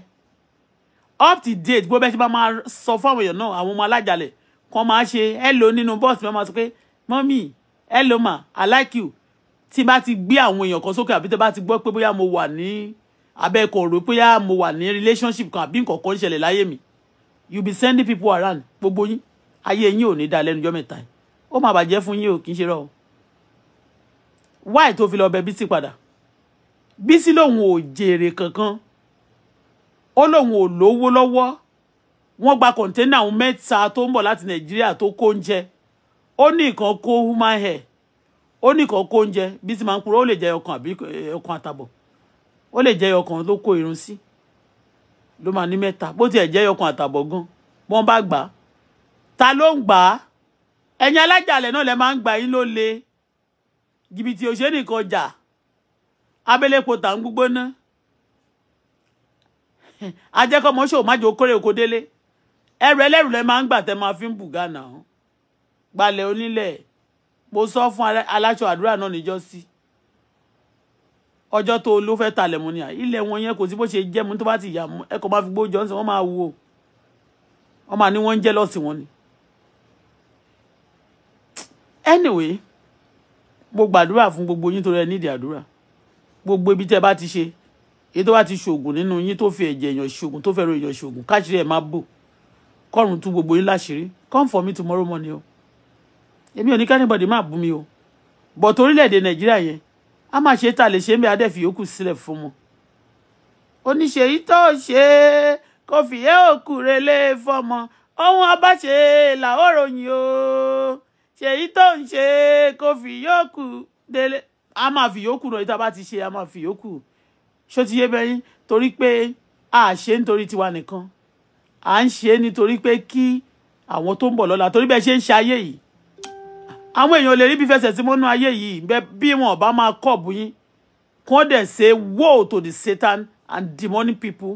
Up to date, go back to my máa sọ fáwọn èèyàn náà, àwọn like alájàlẹ̀ kan máa ṣe hello nínú bọ́ọ̀sì máa sọ pé mọ́mì hello ma I like you tí bá ti gbé àwọn èèyàn kan sókè àbí tó bá ti gbọ́ pé bóyá mo wà ní abẹ́kọ̀ rò bóyá mo wà ní relationship kan àbí nǹkan kan ṣẹlẹ̀ láyé mi you be sending people around gbogbo yín ayé yín ò ní dáa lẹ́nu ọjọ́ mẹ́ta yìí ó máa bàjẹ́ fún yín o kì í ṣe rọ o wáì tó fi lọ bẹ Bísí padà Bísí lòun ò jèrè kankan ó lòun ò lówó lọ́wọ́ wọ́n gba kọ̀ńténà òun mẹ́ta tó ń bọ̀ láti Nàìjíríà tó kó oúnjẹ ó ní nǹkan kó human hair ó ní nǹkan kó oúnjẹ Bísí máa ń kúrò ó lè jẹ́ ọkàn àbí ọkàn àtàbọ̀ ó lè jẹ́ ọkàn ló kó irun sí ló máa ní mẹ́ta bó tiẹ̀ jẹ́ ọkàn àtàbọ̀ gan wọ́n bá gbà á ta ló ń gbà á ẹ̀yin alájàlẹ̀ náà lẹ máa ń gbà yín ló le jìbìtì òṣèlú kan jà abẹ́lẹ́po tà ń gbóná ajẹ́kọ̀mọ́ṣọ́ májò kórè oko délé ẹrù ẹlẹ́rù lẹ máa ń gbà tẹ́ máa fi ń bù gánà ọ́n gbalẹ̀ onílẹ̀ mo sọ fún aláṣọ àdúrà náà níjọ́ sí ọjọ́ tó ló fẹ́ talẹ̀ mọ́ ni ilẹ̀ wọn yẹn kò sí bó ṣe jẹ́ mu tó bá ti yà mú ẹ̀kọ́ bá fi gbójọ́ sí wọ́n máa wò wọ́n máa ní wọ́n ń jẹ́ lọ́sìn wọn ni anyway mo gbàdúrà fún gbogbo yín to rẹ nídìí àdúrà gbogbo ibi tẹ́ bá ti ṣe èyí tó bá ti ṣoògùn nínú yín tó fi ẹ̀jẹ̀ èèyàn ṣoògùn tó fẹ́ràn èèyàn ṣoògùn káṣírí ẹ̀ máa bò kọ́run tú gbogbo yín láṣìírí come for me tomorrow morning o èmi ò ní kẹ́nìbọ̀dì máa bú mi o but orílẹ̀-èdè nàìjíríà yẹn a máa ṣe tá a lè ṣe ń bẹ adẹ́ fi yòókù sílẹ̀ fún wọn. oníṣe yìí tó ṣe kò fìyẹ́ òkú relé fọmọ ohun abáṣe làwọn ròyìn o ṣèyí tó ń ṣe kó fi yókù délé a máa fi yókù náà yìí tá a bá ti ṣe a máa fi yókù ṣó ti yé bẹ́yìn torí pé a ṣe nítorí tiwa nìkan à ń ṣe nítorí pé kí àwọn tó ń bọ̀ lọ́la torí bẹ́ẹ̀ ṣe ń ṣe ayé yìí àwọn èèyàn lè rí bí fẹsẹ̀ sí mọ́nú ayé yìí bí wọn bá máa kọ̀ bú yín kàn dẹ̀ ṣe woe to the satan and demonic people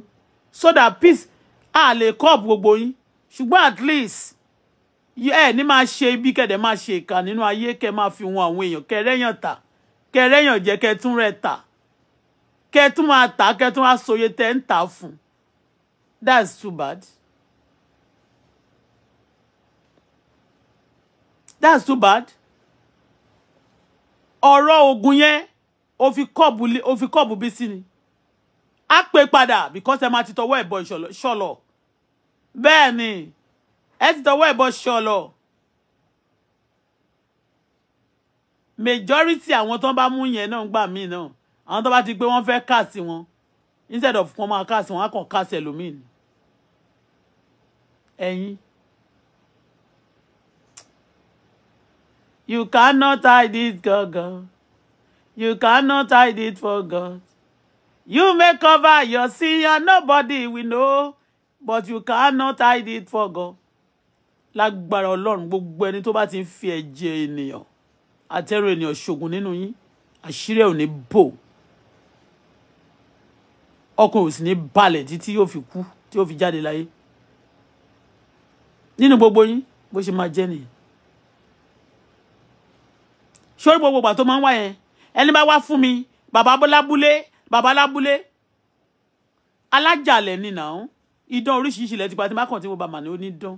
so that peace a lè kọ̀ bú gbogbo yín ṣùgbọ́n at least ẹ ní máa ṣe ibi kẹ̀dẹ̀ máa ṣe ìkà nínú ayé kẹ máa fi hun àwọn èèyàn kẹ rẹ́yàn tà kẹ rẹ́yàn jẹ kẹ tún rẹ tà kẹ máa tà kẹ tún soye tẹ ń tà fún that's too bad that's too bad ọ̀rọ̀ ogun yẹn o fi kọ́ọ̀bù bí sí ni á pè padà because ẹ máa ti tọwọ́ ẹ̀bọ ìṣọ̀lọ̀ bẹ́ẹ̀ ni ẹ ti tọwọ́ ẹ̀bọ ṣọlọ majority àwọn tó ń bá mú yẹn náà ń gbà míì náà àwọn tó bá ti gbé wọn fẹ́ káàsì wọn instead of wọn máa káàsì wọn á kàn káàsì ẹlòmíì ẹ̀yin. You cannot hide it, God, God. You cannot hide it for God. You may cover your sin and nobody will know, but you cannot hide it for God lágbára ọlọ́run gbogbo ẹni tó bá ti ń fi ẹ̀jẹ̀ ènìyàn àtẹ̀rù ènìyàn ṣògùn nínú yín àṣírí ẹ̀ ò ní bò ọkùnrin ò sì ní balẹ̀ títí yóò fi kú tí yóò fi jáde láyé nínú gbogbo yín bó ṣe máa jẹ́ nìyẹn sórí gbogbo ìgbà tó máa ń wá yẹn ẹni bá wá fún mi bàbá lábúlé bàbá lábúlé alájàlẹ̀ nìyàn idán oríṣiríṣi lẹ́tìpá tí má kàn tí mo bá mà ní onídán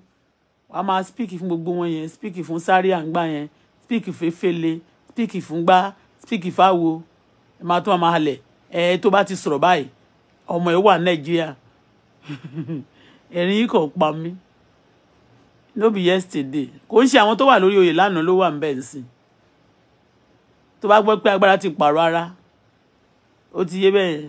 wàá máa speak fún gbogbo wọn yẹn speak fún sáré àǹgbá yẹn speak fefele speak fún gbá speak fáwo ẹ máa tún máa halẹ̀ ẹ tó bá ti sọ̀rọ̀ báyìí ọmọ ẹ wà nàìjíríà (laughs) ẹ̀rín yìí kò pa mí no be yesterday kò ń ṣe àwọn tó wà lórí oyè lánàá ló wà ń bẹ̀ ń sìn tó bá gbọ́ pé agbára ti pààrọ̀ ara ó ti yé bẹ́ẹ̀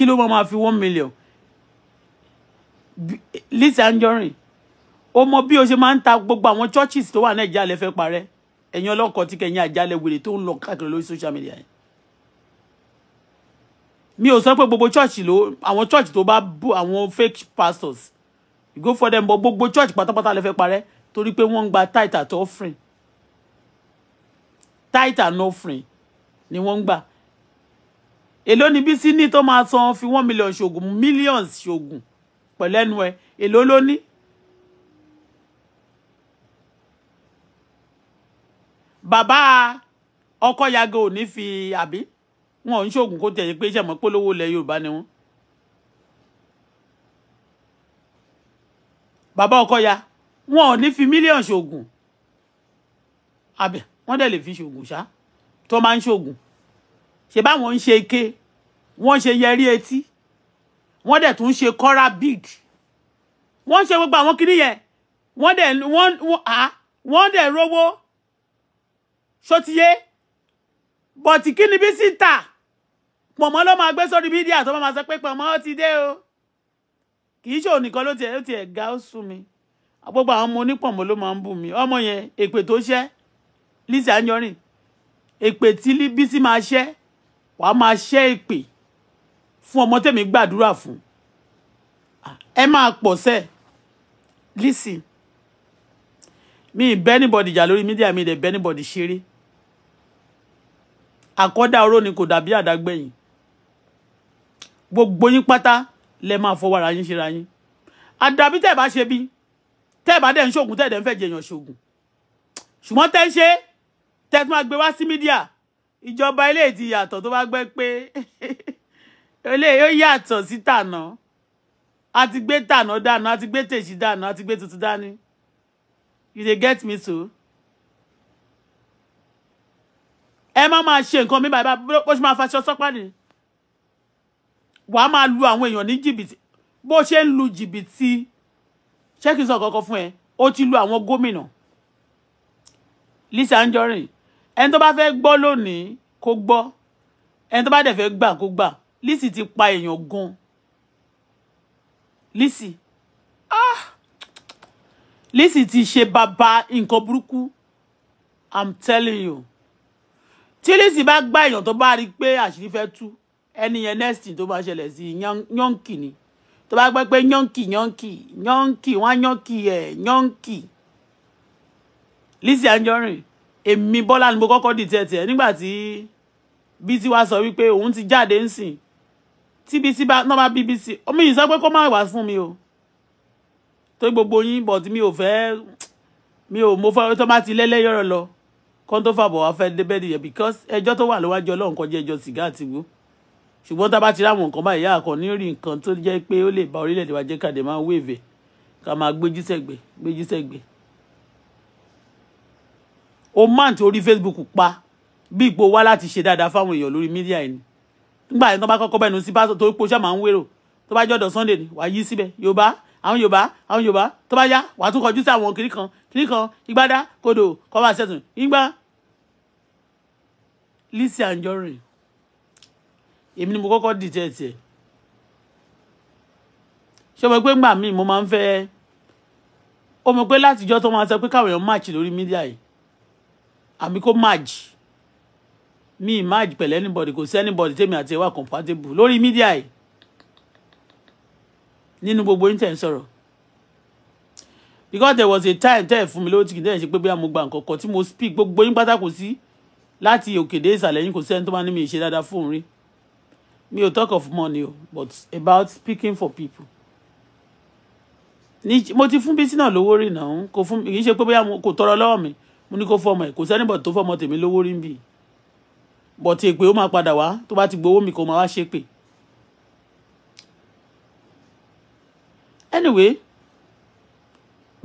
kí ló máa fi one million Lizzy Anjorin ó mọ bí o ṣe máa ń ta gbogbo àwọn churches tó wà nàìjíríà lẹ́fẹ́ parẹ́ ẹ̀yin ọlọ́kọ̀ tí kẹ̀yìn àjálẹ̀ wèrè tó ń lọ káàkiri lórí social media yẹn mi ò sọ pé gbogbo church ló àwọn church tó bá bú àwọn fake pastors go for them but gbogbo church pátápátá lẹ́fẹ́ parẹ́ torí pé wọ́n ń gba tithe àti offering tithe and offering ni wọ́n ń gbà èló ni Bísí ní tó máa san fi one million ṣoògùn millions ṣoògùn pẹ̀lú ẹnu ẹ̀ èló ló ní. bàbá ọkọ yago ò ní fi àbí wọn ò ń ṣoògùn kó tẹ̀yẹ pé ṣẹ̀mọ́ polówó ilẹ̀ Yorùbá ni wọ́n. bàbá ọkọ ya wọn ò ní fi mílíọ̀nù ṣoògùn àbẹ̀ wọ́n dẹ̀ lè fi ṣoògùn ṣá tó máa ń ṣoògùn ṣe báwọn ń ṣe ike wọ́n ṣe yẹrí etí wọ́n dẹ̀ tún ṣe kọ́ra big wọ́n ṣe gbogbo àwọn kinní yẹn wọ́n dẹ̀ wọ́n dẹ̀ rówó ṣótiyé bọ̀tì kí ni bí sì tà pọ̀mọ́ ló máa gbé sórí mídíà tó máa sọ pé pọ̀mọ́ ti dé o kì í ṣe ònìkan ló tiẹ̀ ló tiẹ̀ ga ó sùn mi gbogbo àwọn ọmọ onípọ̀mọ́ ló máa ń bù mí ọmọ yẹn èpè tó ṣẹ́ Lizzy Anjorin èpè tí Bísí máa ṣẹ́ wàá máa ṣẹ́ ìpè fún ọmọ tèmi gbàdúrà fún ẹ máa pọ̀ sẹ́ listen mi ì bẹ́ anybody jà lórí mídíà mi ì dẹ̀ bẹ́ anybody ṣeré àkọ́dá oró ni kò dàbí àdágbẹ̀yìn gbogbo yín pátá lẹ máa fọwọ́ ara yín ṣera yín àdàbí tẹ́ ẹ̀ bá ṣe bí tẹ́ ẹ̀ bá dẹ̀ ń ṣògùn tẹ́ ẹ̀ dẹ̀ ń fẹ́ jẹ̀yàn ṣògùn ṣùgbọ́n tẹ́ ń ṣe tẹ́ ẹ̀ tún máa gbé wá sí mídíà ìjọba eléyìí ti yàtọ̀ tó bá gbẹ́ pé eléyìí ó yàtọ̀ sí tànà a ti gbé tànà dànù a ti gbé tèṣí dànù a ti gbé tuntun dání you dey get me so. ẹ má máa ṣe nǹkan mi bàbá bó ṣe máa faṣọ sọ́pàdé wàá máa lu àwọn èèyàn ní jìbìtì bó ṣe ń lu jìbìtì ṣé kí n sọ kankan fún ẹ ó ti lu àwọn gómìnà Lisa Anjorin ẹni tó bá fẹ́ gbọ́ lónìí kó gbọ́ ẹni tó bá dẹ̀ fẹ́ gbà kó gbà Lizzy ti pa èèyàn gan Lisi. ah Lisi ti ṣe baba nǹkan burúkú i'm telling you tí Lizzy bá gbá èèyàn tó bá rí i pé àṣírí fẹ́ tú ẹni yẹn next tó máa ṣẹlẹ̀ sí yánkì ni tó bá gbẹ́ pé yánkì yánkì yánkì wọ́n á yánkì ẹ̀ yánkì Lizzy Anjorin èmi Bọ́lá ni mo kọ́kọ́ dì tẹ̀tẹ̀ nígbà tí Bísí wá sọ wípé òun ti jáde ń sìn tí Bísí bá náà bá bí Bísí omi yìí sọ pé kó má wá fún mi o tó gbogbo yín but mi ò fẹ́ mi ò mo fẹ́ tó má ti lẹ́lẹ́yọ̀rọ̀ lọ kọ́n tó fàbọ̀ wá fẹ́ débẹ̀ nìyẹn because ẹjọ́ tó wà lọ́wájú ọlọ́run kọjá ẹjọ́ sìgá àti ìwú ṣùgbọ́n tá a bá ti ráwọn nǹkan báyìí yáàkọ́ ní rí nǹkan tó jẹ́ pé ó lè ba orílẹ̀-èdè wa jẹ́ ká máa wéèvè ká máa gbéjú sẹ́gbẹ̀ o man tí orí Facebook pa bí ipò wá láti ṣe dáadáa fáwọn èèyàn lórí mídíà ẹni nígbà yẹn tó bá kọ́kọ́ bẹ̀rù sí pásítọ̀ torí poṣá máa ń wérò tó bá jọ́dọ̀ Sunday ni wàá yí síbẹ̀ Yorùbá àwọn Yorùbá àwọn Yorùbá tó bá yá wàá tún kọjú sí àwọn kiri kan kiri kan igbádá kodò kọ́ba ṣẹ́tùn ìgbà Lizzy Anjorin èmi ni mo kọ́kọ́ dìtẹ́ tiẹ̀ ṣé Se mọ̀ pé ńgbà míì mo máa ń O ọ mọ̀ pé látijọ́ tó máa sọ pé káwọn èèyàn máàchì lórí media yìí àbí kó match mi match pẹ̀lú anybody kò sí anybody tèmi àti ẹwà comfortable. lórí mídíà yìí nínú gbogbo yín tẹ̀ ń sọ̀rọ̀ because there was a time tẹ́ ẹ̀ fún mi lówó tí kì í tẹ́ ẹ̀ ṣe pé bóyá mo gba nǹkan kan tí mo speak gbogbo yín pátá kò sí láti òkèdè ìsàlẹ̀ yín kò sí ẹni tó máa ní mi ṣe dáadáa fóun rí mi ò talk of money o but about speaking for people mo ti fún bísí náà lówó rí náà kò fún mi kì í ṣe pé bóyá kò tọrọ lọ́wọ́ mi mo ní kó fọmọ ẹ kò sẹ́nìbọ̀ tó fọmọ tèmi lówó rí bì bọ̀tì èpè ó máa padà wá tó bá ti gbowó mi kó máa wá ṣépè. anyway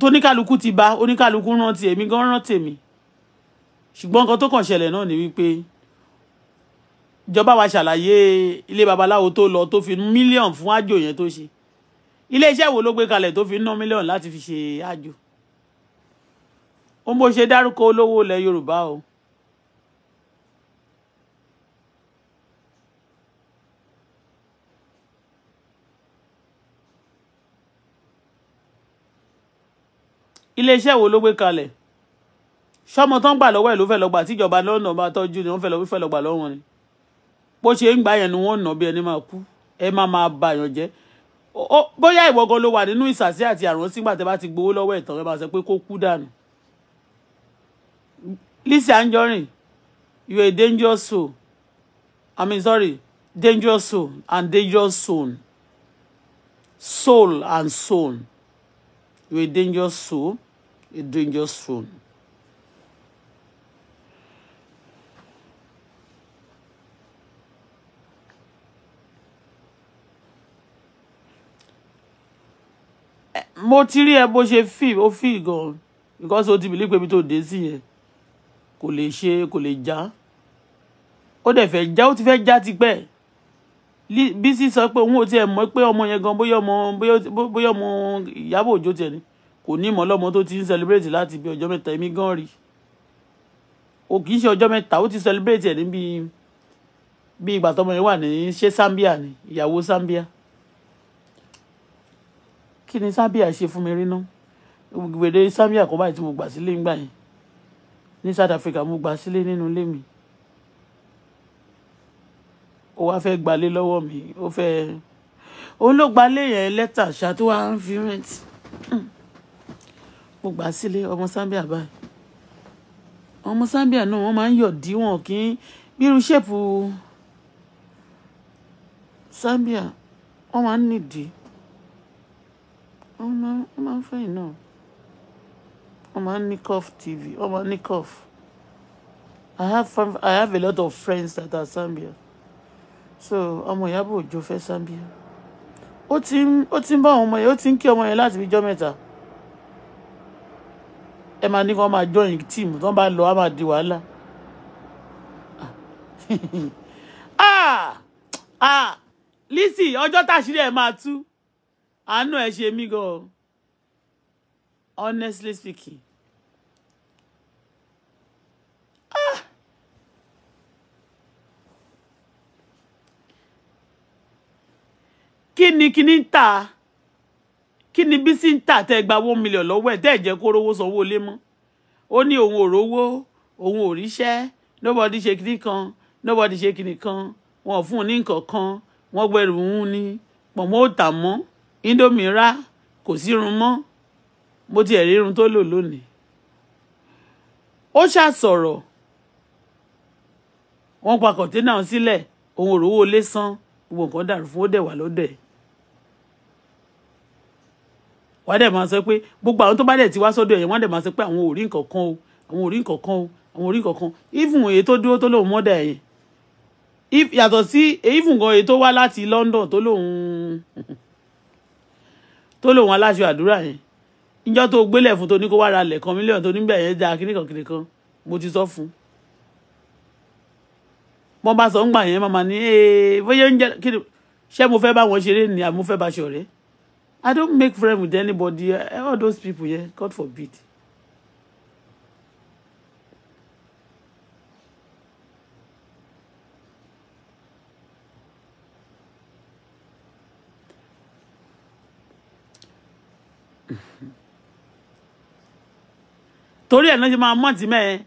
tóníkàlùkù ti bá oníkàlùkù rántí èmi gan rántí èmi ṣùgbọ́n nǹkan tó kàn ṣẹlẹ̀ náà ni wípé ìjọba wa ṣàlàyé ilé babaláwo tó lọ tó fi mílíọ̀nù fún àjò yẹn tó ṣe iléeṣẹ́ wo ló gbé kalẹ̀ tó fi ná mílíọ̀nù láti fi ṣe àjò ó mo ṣe dárúkọ olówó ilẹ̀ yorùbá o. iléeṣẹ́ wo ló gbé kalẹ̀ ṣọ́mọ tán gbà lọ́wọ́ ẹ̀ ló fẹ́ lọ́gbà tíjọba lọ́nà bá tọ́jú ni wọ́n fẹ́ lọ́wọ́ fẹ́ lọ́gbà lọ́wọ́ ni bó ṣe ń gbà yẹn ni wọ́n nà bí ẹni máa kú ẹ má máa bà yàn jẹ́ bóyá ìwọ gan ló wà nínú ìsàsí àti àrùn sígbà tẹ́ bá ti gbowó lọ́wọ́ ẹ̀ tán ẹ máa sọ pé kó kú dànù Lizzy Anjorin you are a dangerous soul I mean sorry dangerous soul and dangerous soul soul and soul you are a dangerous soul a dangerous soul. Eh, mo ti rí ẹ bó ṣe feel ó feel gan because ó ti believe pé ibi tó dé sí yẹn kò lè ṣe kò lè já ó dẹ̀ fẹ́ já ó ti fẹ́ já tipẹ́ Bísí sọ pé òun ò tiẹ̀ mọ̀ pé ọmọ yẹn gan bóyá ọmọ bóyá ọmọ Ìyábọ̀ Òjó tiẹ̀ ni kò ní ìmọ̀ lọ́mọ tó ti ń celebrate láti bí ọjọ́ mẹ́ta èmi gan rí o kì í ṣe ọjọ́ mẹ́ta ó ti celebrate ẹ̀ ní bíi bíi ìgbà tọmọ yẹn wà ní ṣé Zambia ni ìyàwó Zambia kí ni Zambia ṣe fún mi rí ná gbèdé Zambia kọ́ báyìí tí mo gbà sílé ńgbà yẹn ní South Africa mo gbà sílé nínú ilé mi ó wá fẹ́ gbalé lọ́wọ́ mi ó fẹ́ òun ló gbalé yẹn lẹ́tà ṣá tó wá ń fi rent mo gbà sílé ọmọ Zambia báyìí ọmọ Zambia náà wọ́n máa ń yọ̀ díwọ̀n kí bí ṣèpù Zambia wọ́n máa ń nìdí wọ́n máa ń fẹ́yìn náà wọ́n máa ń tv wọ́n máa ń i have fun i have a lot of friends that are Zambia so ọmọ Ìyábọ̀ Òjó fẹ́ Zambia ó ti ń ó ti ń bá àwọn ọmọ yẹn ó ti ń kí ọmọ yẹn láti fi jọ́ mẹ́ta ẹ máa join team Don't wọ́n bá lọ á ah! (laughs) ah ah Lizzy ọjọ́ tàṣírí ẹ̀ máa tú àánú ẹ̀ ṣe mí gan-an honestly speaking kí ni kí ni ń tà kí ni Bísí ń tà tẹ́ gba one million lọ́wọ́ ẹ̀ tẹ́ ẹ̀ jẹ́ kó rówó sanwó lé mọ́ ó ní òun ò rówó òun ò ríṣẹ́ nobody ṣe kìnnì kan nobody ṣe kìnnì kan wọn ò fún un ní nǹkan kan wọn gbẹrù òun ni pọ̀nmọ́ ò tà mọ́ indomie rà kò sírun mọ́ mo tiẹ̀ rírun tó lò lónìí ó ṣàsọ̀rọ̀ wọ́n pa kọ̀ńténà sílẹ̀ òun ò rówó lé san gbogbo nǹkan dàrú fún ó dẹ̀ wà lọ́dẹ̀ wọ́n dẹ̀ máa sọ pé gbogbo àwọn tó bá dẹ̀ ti wá sọ́dọ̀ ẹ̀yẹ wọ́n dẹ̀ máa sọ pé àwọn ò rí nǹkan kan o àwọn ò rí nǹkan kan o àwọn ò rí nǹkan kan even èyí tó dúró tó lóun mọ́dà ẹ̀yìn yàtọ̀ sí even gan èyí tó wá láti London tó lóun tó lóun aláṣọ àdúrà yẹn ìjọ tó gbélé fún tó ní kó wá ra lẹ̀ kan mílíọ̀nù tó níbẹ̀ yẹn dáa kíníkan kíníkan mo ti sọ fún un wọ́n bá sọ ń gbà yẹn màmá ní ee eh, bóyá oúnjẹ kí mo fẹ́ bá wọn ṣeré ni àbí mo fẹ́ bá I don't make friends with anybody all those people here, God forbid. torí ẹ̀ náà ṣe máa mọ̀ tí mẹ́ẹ̀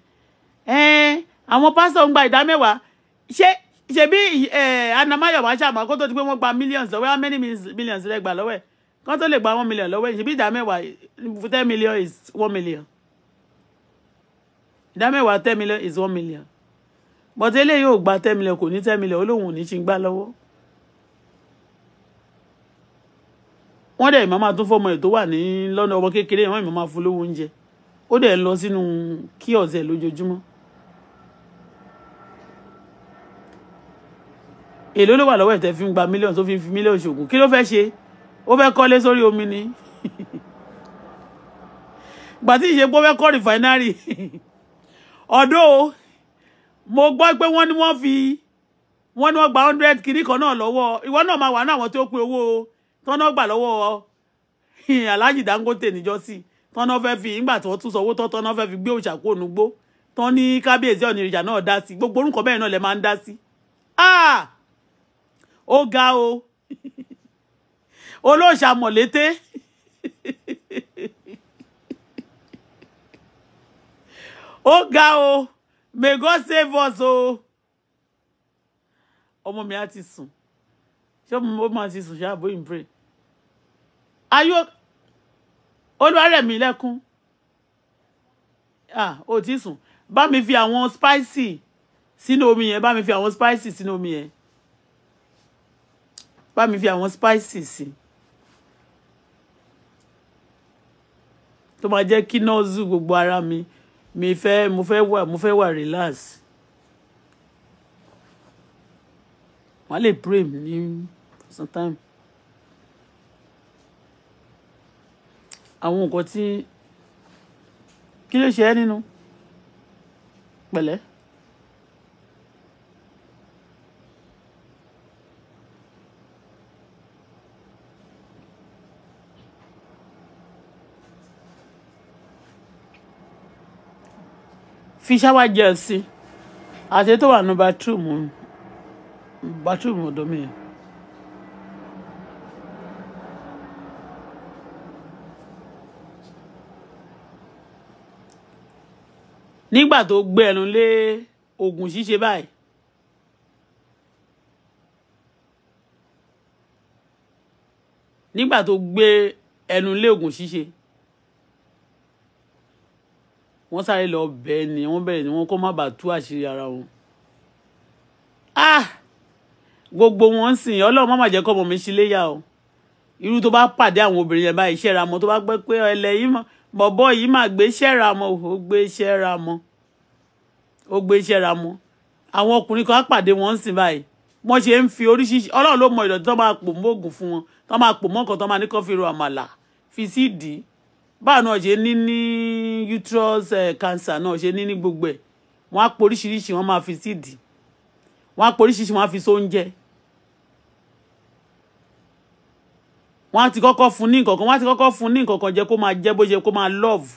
ẹ́ àwọn pásítọ̀ ń gba ìdá mẹ́wàá ṣé ṣebí anamayowa ṣàmà kó tó ti pé wọ́n gba millions lọ́wọ́ how many millions lẹ gbà lọ́wọ́ ẹ̀ kó tó lè gba one million lọ́wọ́ ẹ̀ ṣebí ìdá mẹ́wàá ten million is one million ìdá mẹ́wàá ten million is one million but eléyìí ò gba ten million kò ní ten million olóhùn ò ní ṣe ń gbá lọ́wọ́. wọ́n dẹ̀ ìmọ̀ máa tún fọ́mọ ẹ̀ tó wà ní lọ́nà ọmọ kékeré wọn ìmọ̀ máa fún lówó oúnjẹ ó dẹ̀ lọ sínú kí ọ̀sẹ̀ lójoojúmọ́ èló ló wà lọ́wọ́ ẹ̀ tẹ́ fi ń gba mílíọ̀nù tó fi ń fi mílíọ̀nù ṣògùn kí ló fẹ́ ṣe ó fẹ́ kọ́lé sórí omi ni (laughs) gbà tí ìṣe pé ó fẹ́ kọ́ rìfáínárì (laughs) ọ̀dọ́ mo gbọ́ pé wọ́n ní wọ́n fi wọ́n ní wọ́n gba hundred kìíní kan náà lọ́wọ́ ìwọ náà máa wà ní àwọn tó pé owó tọ́nà gbà lọ́wọ́ (laughs) aláàjì Dangote níjọ́sí tọ́nà fẹ́ fi ìgbà tó tún sọ owó tọ́ tọ́nà fẹ́ fi gbé òṣàkó ònúgbó tán ní kábíyèsí ọ̀nìrìjà náà dá sí gbogbo orúkọ bẹ́ẹ̀ náà lè máa ń dá sí. Ah! ó ga o olóòṣà mọ̀lété ó ga o may God save us o ọmọ mi á ti sùn ṣé ọmọ mi máa ti sùn ṣáà bóyá pray ayọ olúwarẹ̀mí lẹ́kún ah ó ti sùn bá mi fi àwọn spicy sínú omi yẹn bá mi fi àwọn spicy sínú omi yẹn bá mi fi àwọn spices sí tó máa jẹ́ kí nọ́ọ̀zù gbogbo ara mi mi fẹ́ mo fẹ́ wà mo fẹ́ wà relax wọ́n lè pray ní some time àwọn nǹkan tí kí ló ṣe ẹ́ nínú pẹ̀lẹ́. fi ṣáwá jẹ́ sí àti tó wà ní bátírùmù bátírùmù ọ̀dọ́ mi yẹn. nígbà tó gbé ẹnu lé oògùn ṣíṣe báyìí nígbà tó gbé ẹnu lé oògùn ṣíṣe wọ́n sáré lọ bẹ́ẹ̀ ni wọ́n bẹ̀rẹ̀ ni wọ́n kó má bàa tú àṣírí ara wọn. Ah! gbogbo wọn sìn ọlọ́run má má jẹ́ kọ́ ọmọ mi ṣe léyà o irú tó bá pàdé àwọn obìnrin yẹn báyìí ṣẹ́ra mọ́ tó bá gbẹ́ pé ẹlẹ́ yìí mọ́ bọ̀bọ́ yìí má gbé ṣẹ́ra mọ́ ó gbé ṣẹ́ra mọ́ ó gbé ṣẹ́ra mọ́ àwọn ọkùnrin kan á pàdé wọn sìn báyìí wọ́n ṣe ń fi oríṣiríṣi ọlọ́run ló mọ ìdọ̀tí tó máa pò mọ́ fún wọn tó máa pò mọ́ nǹkan tó máa ní kó fi ro àmàlà fi sí ìdí báà náà ṣe ní ní uterus eh, cancer náà ṣe ní ní gbogbo ẹ̀ wọ́n á poríṣiríṣi wọ́n máa fi síìdì wọ́n á poríṣiríṣi wọ́n á fi sóúnjẹ wọ́n á ti kọ́kọ́ fún ní nǹkankan wọ́n á ti kọ́kọ́ fún ní nǹkankan jẹ́ kó máa jẹ́ bó ṣe kó máa love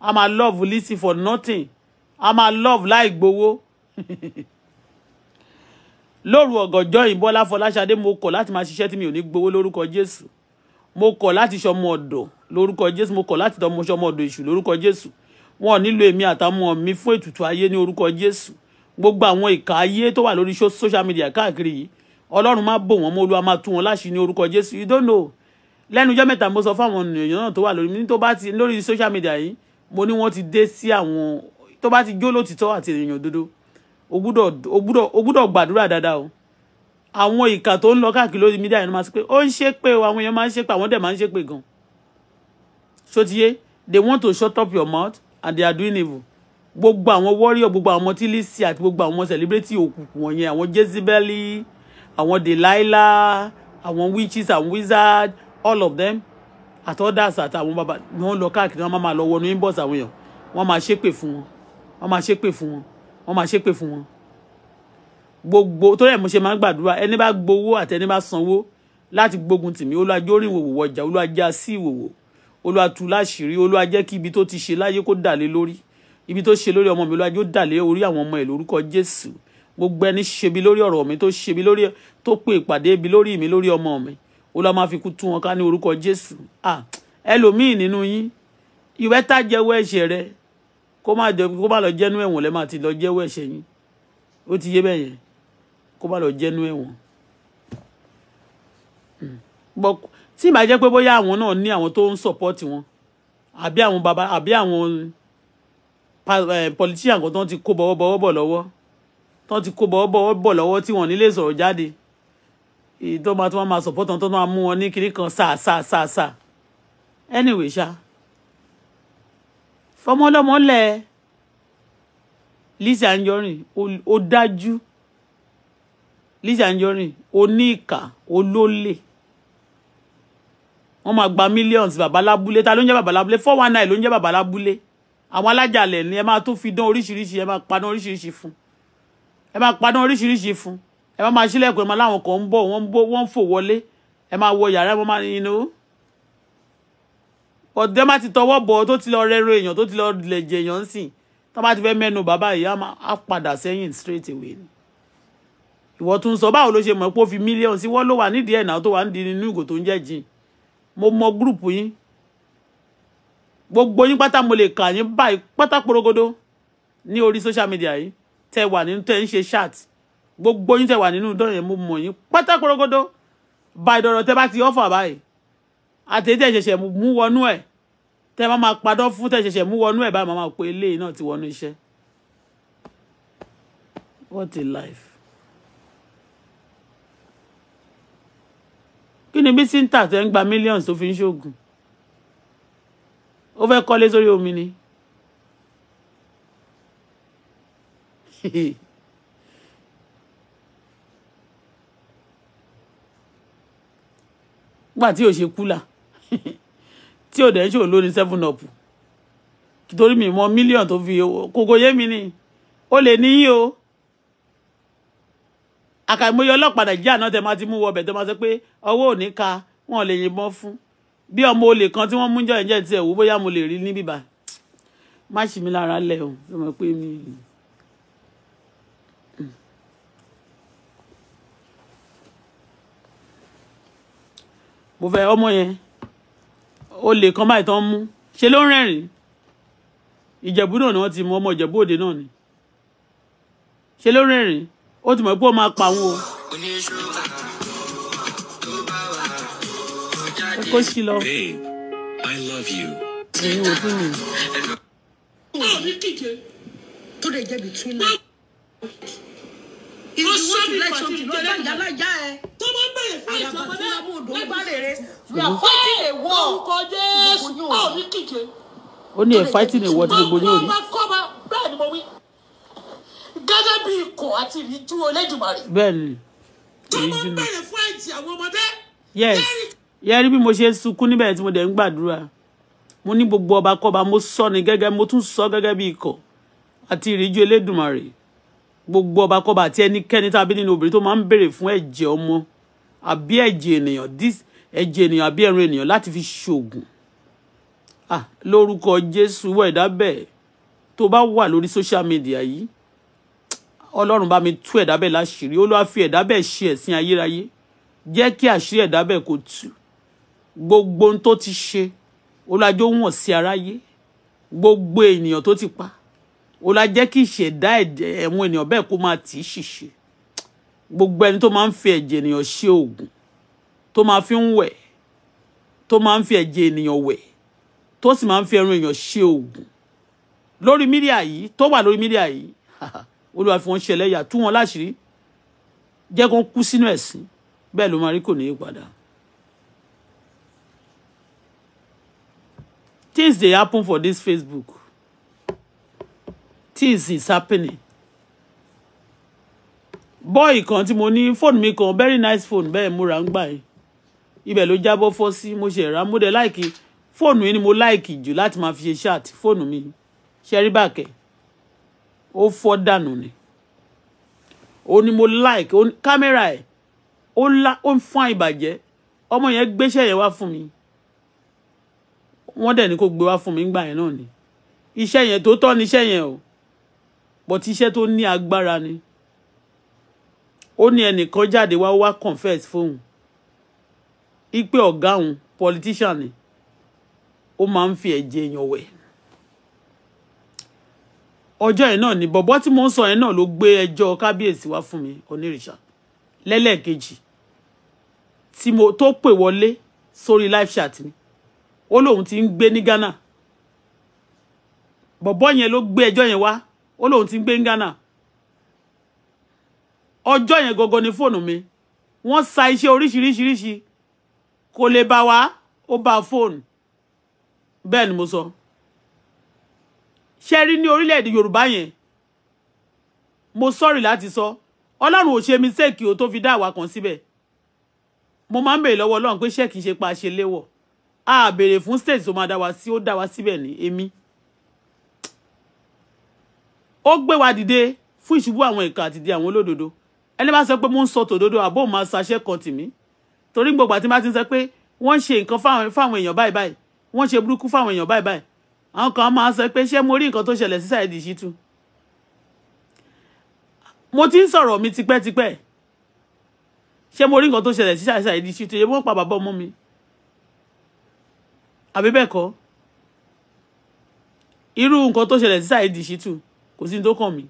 a máa love lisi for nothing a máa love láì gbowó (laughs) lóru ọ̀gànjọ́ yìí Bọ́lá Fọláṣadé mo kọ̀ láti máa ṣiṣẹ́ tí mi ò ní gbowó lórúkọ Jésù mo kọ̀ láti ṣọmọ ọ̀dọ̀ lórúkọ jésù mo kọ̀ láti tọmọṣọ ọmọ ọ̀dọ̀ èṣù lórúkọ jésù wọn ò nílò èmi àtàwọn mi fún ètùtù ayé ní orúkọ jésù gbogbo àwọn ìka ayé tó wà lórí social media káàkiri yìí ọlọ́run má bò wọ́n mọ́ olúwa má tú wọn láṣì ní orúkọ jésù you don't know lẹ́nu ọjọ́ mẹ́ta mo sọ fáwọn èèyàn náà tó wà lórí mi tó bá ti lórí social media yìí mo ní wọ́n ti dé sí àwọn tó bá ti jó lótìtọ́ àti èèyàn dodo o gbúdọ̀ gbàdúrà dáadáa o àwọn ìka tó ń lọ káàkiri lórí mídíà yẹn máa sọ pé ó ń ṣépè o àwọn èèyàn máa ń ṣépè àwọn dẹ̀ máa ń ṣépè gan-an ṣótiyé they want to shut up your mouth and they are doing evil gbogbo àwọn warrior gbogbo àwọn ọmọ tílísì àti gbogbo àwọn celebrity òkùnkùn wọ̀nyẹn àwọn jezebeli àwọn delilah àwọn witches and wizards all of them At others àti àwọn bàbá wọn lọ káàkiri wọn máa lọ wọnú inbox àwọn èèyàn wọn máa ṣépè fún wọn wọn máa ṣépè fún wọn wọn máa ṣépè fún wọn gbogbo tó rẹ̀ mo ṣe máa ń gbàdúrà ẹni bá gbowó àti ẹni bá sanwó láti gbógun tìmí olú ajé orin ìwòwò wọjà olú ajé así olúwa tú láṣìírí olúwa jẹ́ kí ibi tó ti ṣe láyé kó dà lé lórí ibi tó ṣe lórí ọmọ mi olúwa yóò dà lé orí àwọn ọmọ ẹ̀ lórúkọ jésù gbogbo ẹni ṣebi lórí ọ̀rọ̀ mi tó ṣebi lórí tó pe ìpàdé ibi lórí mi lórí ọmọ mi olúwa máa fi kú wọn ká ní orúkọ jésù ẹlòmíì nínú yín ìwẹ́ tá jẹ́wọ́ ẹ̀ṣẹ̀ rẹ kó má lọ jẹ́nu ẹ̀wọ̀n lẹ́ máa lọ jẹ́wọ́ ẹ̀ṣẹ̀ yín ó ti yé bẹ́ẹ̀ yẹn kó má lọ jẹ́nu ẹ̀wọ̀n hmm tí ìbá jẹ́ pé bóyá àwọn náà ní àwọn tó ń support wọn àbí àwọn baba àbí àwọn politician kan tó ti kó bọ́wọ́bọ́wọ́ bọ̀ lọ́wọ́ tó ti kó bọ́wọ́bọ́wọ́ bọ̀ lọ́wọ́ tí wọ́n nílé sọ̀rọ̀ jáde tó máa tó máa support wọn tó máa mú wọn ní kiri kan sáà sáà sáà sáà anyway ṣá fọmọlọmọ lẹ Lizzy Anjorin ó dájú Lizzy Anjorin oníkà wọ́n máa gba millions babalábúlé ta ló ń jẹ́ babalábúlé four one nine ló ń jẹ́ babalábúlé àwọn alájàlẹ̀ ni ẹ máa tún fi dán oríṣiríṣi ẹ máa paná oríṣiríṣi fún ẹ máa paná oríṣiríṣi fún ẹ máa máa ṣílẹ̀kùn ẹ máa láwọn kan ń bọ̀ wọ́n ń bọ̀ wọ́n ń fò wọlé ẹ máa wọ yàrá wọn máa ní inú ọ̀dẹ́ má ti tọwọ́ bọ̀ tó ti lọ rẹ́rọ èèyàn tó ti lọ lẹ̀jẹ̀ èèyàn ń sìn tó bá ti fẹ́ mẹ́nu bàbá ìyá á padà sẹ́yìn straight away ni ìwọ tún sọ báwo ló ṣe mọ̀ pé ó fi mílíọ̀nù sí wọ́n ló wà nídìí ẹ̀ náà tó wà nídìí nínú ìgò tó ń jẹ́ jìn mo mọ gúrùpù yín gbogbo yín pátá mo lè kà yín báyìí pátá porogodo ní orí social media yìí tẹ wà nínú tẹ ń ṣe chat gbogbo yín tẹ wà nínú dọ́rọ̀ yẹn mo mọ̀ yín pátá porogodo báyìí dọ̀rọ̀ tẹ bá ti ọ́fà báyìí àtẹ̀tẹ̀ ṣẹ̀ṣẹ̀ mú wọnú ẹ̀ tẹ máa máa padọ́ fún tẹ ṣẹ̀ṣẹ̀ mú wọnú ẹ̀ báyìí máa pe eléyìí náà ti wọnú iṣẹ́ what a life. kí ni bí síntà tẹ ń gba millions tó fi ń ṣoògùn ó fẹ́ kọ́lé sórí omi ni gbà tí ò ṣe kúlà tí ò dẹ̀ ń ṣòro lóní seven up torí mi mọ mílíọ̀nù tó fi kókó yé mi ni ó lè níyí o àkàìmọye ọlọ́pàá nàìjíríà náà tẹ máa ti mú wọbẹ̀ tó máa sọ pé ọwọ́ ò ní ka wọn ò lè yìnbọn fún bí ọmọ olè kan tí wọ́n mú jọ ìjẹ́ tiẹ̀ wò bóyá mo lè rí ní bíbá má ṣì mí lára lẹ̀ o ló mọ̀ pé mi. mo fẹ́ ọmọ yẹn olè kan báyìí tán mú ṣe ló ń rẹ́rìn ìjẹ̀bú náà ni wọ́n ti mú ọmọ ìjẹ̀bú òde náà ni ṣe ló ń ó ti mọ̀ pé ó máa pa wọn o. kó sí lọ. Babe, I love you. ẹ̀yin wò fún mi. tó lè jẹ́ between them. If you want to like something, no let yàlájà ẹ. Tó bá bẹ̀rẹ̀ fún ìjọba náà. Àyàbá tí wọ́n mú odò ń bá rèrè. We are fighting a war. Orúkọ Jésù. fighting a war tí gbogbo yóò rí. Bẹ́ẹ̀ ni gẹ́gẹ́ bí ikọ̀ àti ìríjú Olódùmarè. bẹ́ẹ̀ni ìríjú mi. tó bá ń bẹ̀rẹ̀ fún ẹ̀jẹ̀ àwọn ọmọdé. yes yẹ́rí bí mo ṣe sunkún níbẹ̀ tí mo dẹ̀ ń gbàdúrà mo ní gbogbo ọba kọba mo sọ ni gẹ́gẹ́ mo tún sọ gẹ́gẹ́ bí ikọ̀ àti ìríjú Elédùmarè gbogbo ọba kọba àti ẹnikẹ́ni tàbí nínú obìnrin tó máa ń béèrè fún ẹ̀jẹ̀ ọmọ àbí ẹ̀jẹ̀ ènìyàn ẹ̀jẹ̀ ènìyàn àbí ẹran ènìyàn láti fi ṣoògùn ah lórúkọ Jésù wọ ẹ̀dá bẹ́ẹ̀ tó bá wà lórí social media yìí ọlọ́run bá mi tú ẹ̀dá bẹ́ẹ̀ láṣìírí olúwa fi ẹ̀dá bẹ́ẹ̀ ṣe ẹ̀sìn ayérayé jẹ́ kí àṣírí ẹ̀dá bẹ́ẹ̀ kó tú gbogbo ohun tó ti ṣe olúwa jẹ́ wọ̀n sí aráyé gbogbo ènìyàn tó ti pa olúwa jẹ́ kí ìṣẹ̀dá ẹ̀wọ̀n ènìyàn bẹ́ẹ̀ kó máa tì í ṣìṣe gbogbo ẹni tó máa ń fi ẹ̀jẹ̀ ènìyàn ṣe oògùn tó máa fi ń wẹ̀ tó máa ń fi ẹ̀jẹ̀ ènìyàn wẹ̀ tó sì máa ń fi ẹran èèyàn ṣe oògùn lórí mídíà yìí tó wà lórí mídíà yìí (laughs) olúwa fi wọn ṣe ẹlẹ́yà tú wọn láṣìírí jẹ́ kó kú sínú ẹ̀sìn bẹ́ẹ̀ ló máa rí kò ní í padà. things dey happen for this Facebook things is happening boy kan tí mo ní phone mi kan very nice phone bẹ́ẹ̀ mo rà ń gbà yìí ibẹ̀ ló jábọ́ fọ́ sí mo ṣe rà mo dẹ̀ láìkì fóònù yìí ni mo láìkì jù láti máa fi ṣe ṣáàtì fóònù mi ṣe rí bàkẹ́ ó fọ́ dànù ni ó ní mo like ó ní kámẹ́rà ẹ̀ ó ńlá ó ń fún àìbàjẹ́ ọmọ yẹn gbéṣẹ́ yẹn wá fún mi wọ́n dẹ̀ ní kó gbé wá fún mi ńgbà yẹn náà ni iṣẹ́ yẹn tó tọ́ ni iṣẹ́ yẹn o but iṣẹ́ tó ní agbára ni ó ní ẹnìkan jáde wá wá confess fóun ipe ọ̀gá òun politician ni ó máa ń fi ẹ̀jẹ̀ èèyàn wẹ̀ ọjọ́ yẹn náà ni bọ̀bọ́ tí mò ń sọ yẹn náà ló gbé ẹjọ́ kábíyèsí wá fún mi onírìṣà lẹ́lẹ́ẹ̀kejì tí mo tó pè wọlé sórí live chat ni ó lóun ti ń gbé ní Ghana bọ̀bọ́ yẹn ló gbé ẹjọ́ yẹn wá ó lóun ti ń gbé ní Ghana ọjọ́ yẹn gọ́gọ́ ni fóònù mi wọ́n sa iṣẹ́ oríṣiríṣiríṣi kò lè bá wa ó bá fóònù bẹ́ẹ̀ ni mo sọ. So ṣe rí ní orílẹ̀-èdè yorùbá yẹn mo sọ́ọ̀rì láti sọ ọlọ́run ò ṣe mi sẹ́ẹ̀kì ó tó fi dá àwa kan síbẹ̀ mo máa ń bèèrè lọ́wọ́ ọlọ́run pé ṣẹ́ẹ̀kì ṣe pa ṣe léwọ̀ a béèrè fún state tó máa dá wa sí ó dá wa síbẹ̀ ní èmi ó gbé wa dìde fún ìṣubú àwọn ìka àtìdí àwọn olódodo ẹni bá sọ pé mo ń sọ tòdodo àbó máa ṣaṣẹ́ kan tìmí torí gbogbo àti bá ti ń sọ pé wọ́n ń ṣe nǹkan fáwọn èèyàn báyìí báyìí wọ́n ṣe burúkú fáwọn èèyàn báyìí báyìí àwọn kan máa sọ pé ṣé mo rí nǹkan tó ṣẹlẹ̀ sí Saheed Shittu mo ti ń sọ̀rọ̀ mi tipẹ́tipẹ́ ṣé mo rí nǹkan tó ṣẹlẹ̀ sí Saheed Shittu ṣé wọ́n pa bàbá ọmọ mi àbí bẹ́ẹ̀ kọ́ irú nǹkan tó ṣẹlẹ̀ sí Saheed Shittu kò sí ní tó kàn mí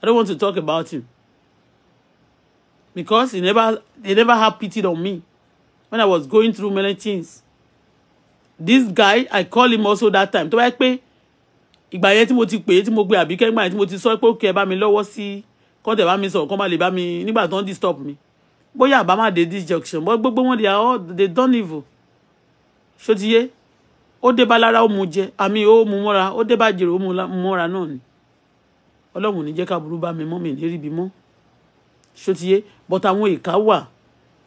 I don't want to talk about him because he never he never had pity on me when I was going through many things this guy i call him also that time tó bá yẹ pé ìgbà yẹn tí mo ti pè é tí mo gbé àbíkẹ́ ìgbà yẹn tí mo ti sọ pé òkè ẹ bá mi lọ́wọ́ sí kọ́tẹ̀ bá mi sọ̀rọ̀ kọ́ má lè bá mi nígbà tó ń disturb mi bóyá àbá má dé this junction bọ́ gbogbo wọn they are all they done evil ṣótiyé ó dé bá lára ó mu jẹ àmì ó mu mọ́ra ó dé bá jèrè ó mu mọ́ra náà ni ọlọ́run ò ní jẹ́ ká burú bá mi mọ́ mi lérí bí mọ́ ṣótiyé but àwọn ìka wà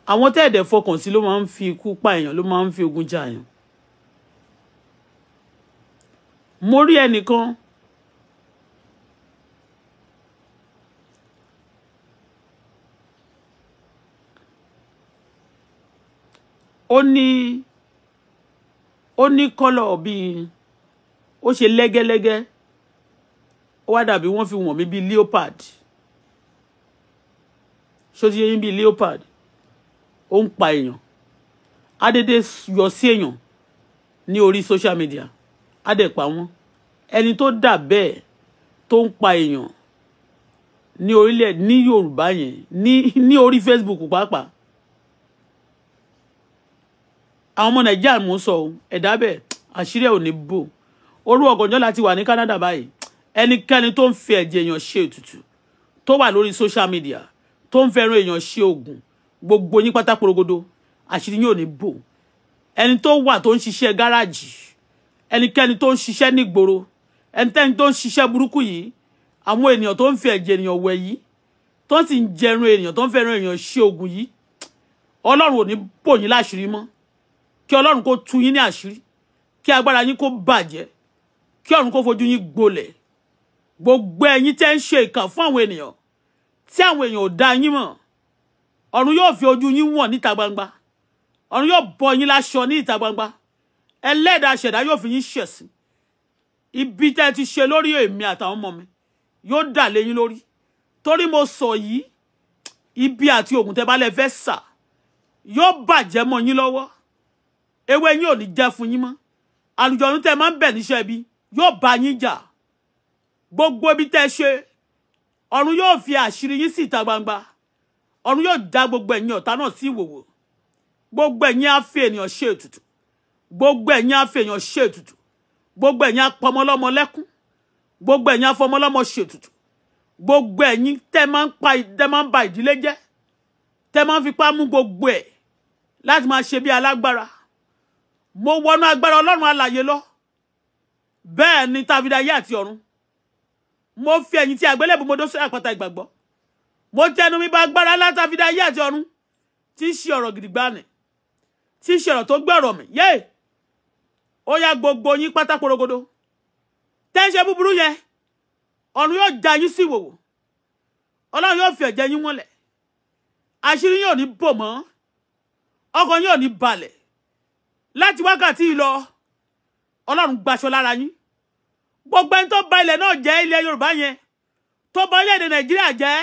àwọn tẹ́ẹ̀dẹ̀ fọkàn sí ló máa ń fi ikú pa èèyàn ló máa ń fi ogun ja èèyàn mo rí ẹnìkan ó ní ó ní kọ́lọ̀ bíi ó ṣe lẹ́gẹ́lẹ́gẹ́ ó wá dàbí wọ́n fi wọ̀n mí bíi leopard ṣó ti bíi leopard ó ń pa èèyàn á yọ sí èèyàn ní orí social media á dẹ̀ pa wọ́n ẹni tó dà bẹ́ẹ̀ tó ń pa èèyàn ní orílẹ̀ ní Yorùbá yẹn ní ní orí Facebook pàápàá àwọn ọmọ Nàìjíríà mò ń sọ ẹ̀dá bẹ́ẹ̀ àṣírí ẹ̀ ò ní bò orú ọ̀gànjọ́ láti wà ní Canada báyìí ẹnikẹ́ni tó ń fi ẹ̀jẹ̀ èèyàn ṣe ètùtù tó wà lórí social media tó ń fẹ́ràn èèyàn ṣe oògùn gbogbo yín pátá porogodo àṣírí yóò ní bò ẹni tó wà tó ń ṣiṣẹ́ gáràjì ẹnikẹ́ni tó ń ṣiṣẹ́ nígboro ẹnikẹ́ni tó ń ṣiṣẹ́ burúkú yìí àwọn ènìyàn tó ń fi ẹ̀jẹ̀ ènìyàn wẹ̀ yìí tó sì ń jẹrun ènìyàn tó ń fẹ́ràn ènìyàn ṣe oògùn yìí ọlọ́run ò ní bò yín láṣìírí mọ́ kí ọlọ́run kó tú yín ní àṣírí kí agbára yín kó bàjẹ́ kí ọ̀run kó fojú yín gbolẹ̀ gbogbo ẹ̀yin tẹ́ ń ṣe ìkà fún àwọn ènìyàn tí àwọn èèyàn ò dá yín mọ̀ ọ̀run yóò fi ojú yín wọ̀n níta gbangba ọ̀run yóò bọ́ yín láṣọ ní ìta gbangba ẹlẹ́dàá ṣẹ̀dá yóò fi yín ṣẹ̀sín ibi tẹ́ ti ṣe lórí èmi àtàwọn ọmọ mi yóò dà léyìn lórí torí mo sọ yìí ibi àti ògùn tẹ́ bá lẹ fẹ́ sà yóò bàjẹ́ mọ́ yín lọ́wọ́ ewé yín ò ní jẹ́ fún yín mọ́ àlùjọ̀nú tẹ́ máa ń bẹ̀ níṣẹ́ ibi yóò bá yín jà gbogbo ibi tẹ́ ṣe ọ̀run yóò fi àṣírí yín sí ìta gbangba ọ̀run yóò dá gbogbo ẹ̀yin ọ̀tá náà sí ìwòwò gbogbo ẹ̀yin á fi ènìyàn ṣe ètùtù gbogbo ẹ̀yin afẹ́yàn ṣe ètùtù gbogbo ẹ̀yin apọmọlọ́mọ lẹ́kún gbogbo ẹ̀yin afọmọlọ́mọ ṣe ètùtù gbogbo ẹ̀yin tẹ́ máa ń pa tẹ́ máa ń ba ìdílé jẹ́ tẹ́ máa ń fipá mú gbogbo ẹ̀ láti máa ṣe bí alágbára mo wọnú agbára ọlọ́run alàyè lọ bẹ́ẹ̀ ni tàbí dayé àti ọ̀run mo fi ẹ̀yìn tí àgbélébù mo dó sí àpáta ìgbàgbọ́ mo tẹnu mi ba agbára látàbí dayé àti ọ̀run tí í ṣe ọ̀rọ̀ gidigba tí í ṣe ọ̀rọ̀ tó gbẹ̀rọ̀ mi yéé ó yá gbogbo yín pátá porogodo tẹ́ ń ṣe búburú yẹn ọ̀run yóò já yín sí ìwòwò ọlọ́run yóò fi ẹ̀jẹ̀ yín wọ́lẹ̀ àṣírí yóò ní bò mọ́ ọkàn yóò ní balẹ̀ láti wákàtí ìlọ ọlọ́run gbaṣọ lára yín gbogbo ẹni tó ba ilẹ̀ náà jẹ́ ilẹ̀ yorùbá yẹn tó ba orílẹ̀-èdè nàìjíríà jẹ́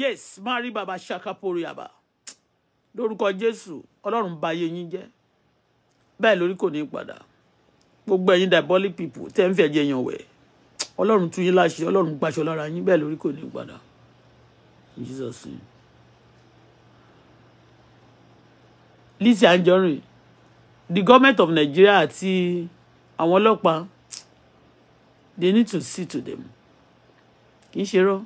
yes máa rí bàbá ṣàkàpọ̀ orí àbá lórúkọ jésù ọlọ́run ba ayé yín jẹ́ báyìí lórí kò ní padà gbogbo ẹ̀yin diabolic people tẹ́ ń fi ẹ̀jẹ̀ yàn wẹ̀ ọlọ́run tú yín láṣẹ ọlọ́run gbaṣọ lára yín bẹ́ẹ̀ lórí kò ní padà Jesus name. Lizzy Anjorin the government of Nigeria àti àwọn ọlọ́pàá they need to see to them kì í ṣe rọ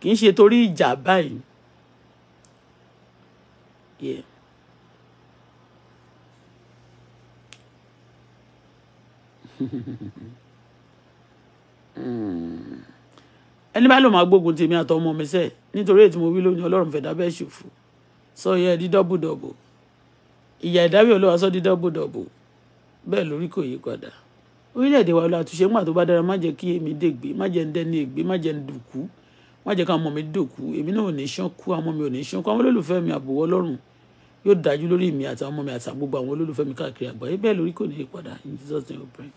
kì í ṣe torí ìjà báyìí yeah. (laughs) ẹni bá lò máa gbógun tèmi àtọmọ mi sẹ nítorí ètò mo wí lónìí Ọlọ́run fẹdá bẹ́ẹ̀ ṣòfò sọ yẹ di dọbù dọbù ìyá ìdábì olówó sọ di dọbù dọbù bẹ́ẹ̀ lórí kò yí padà orílẹ̀-èdè wa lọ àtúnṣe ńgbà tó bá dára má jẹ́ kí èmi dègbé má jẹ́ ń dẹ́ni ègbé má jẹ́ ń dùnkú má jẹ́ ká ọmọ mi dòkú èmi náà ò ní ṣánkú àwọn mi ò ní ṣánkú àwọn olólùfẹ́ mi àbòwọ́ lọ́rùn yóò dájú lórí mi àtàwọn ọmọ mi àtàgbogbo àwọn olólùfẹ́ mi káàkiri àgbáyé bẹ́ẹ̀ lórí kò ní í padà in Jesus name we pray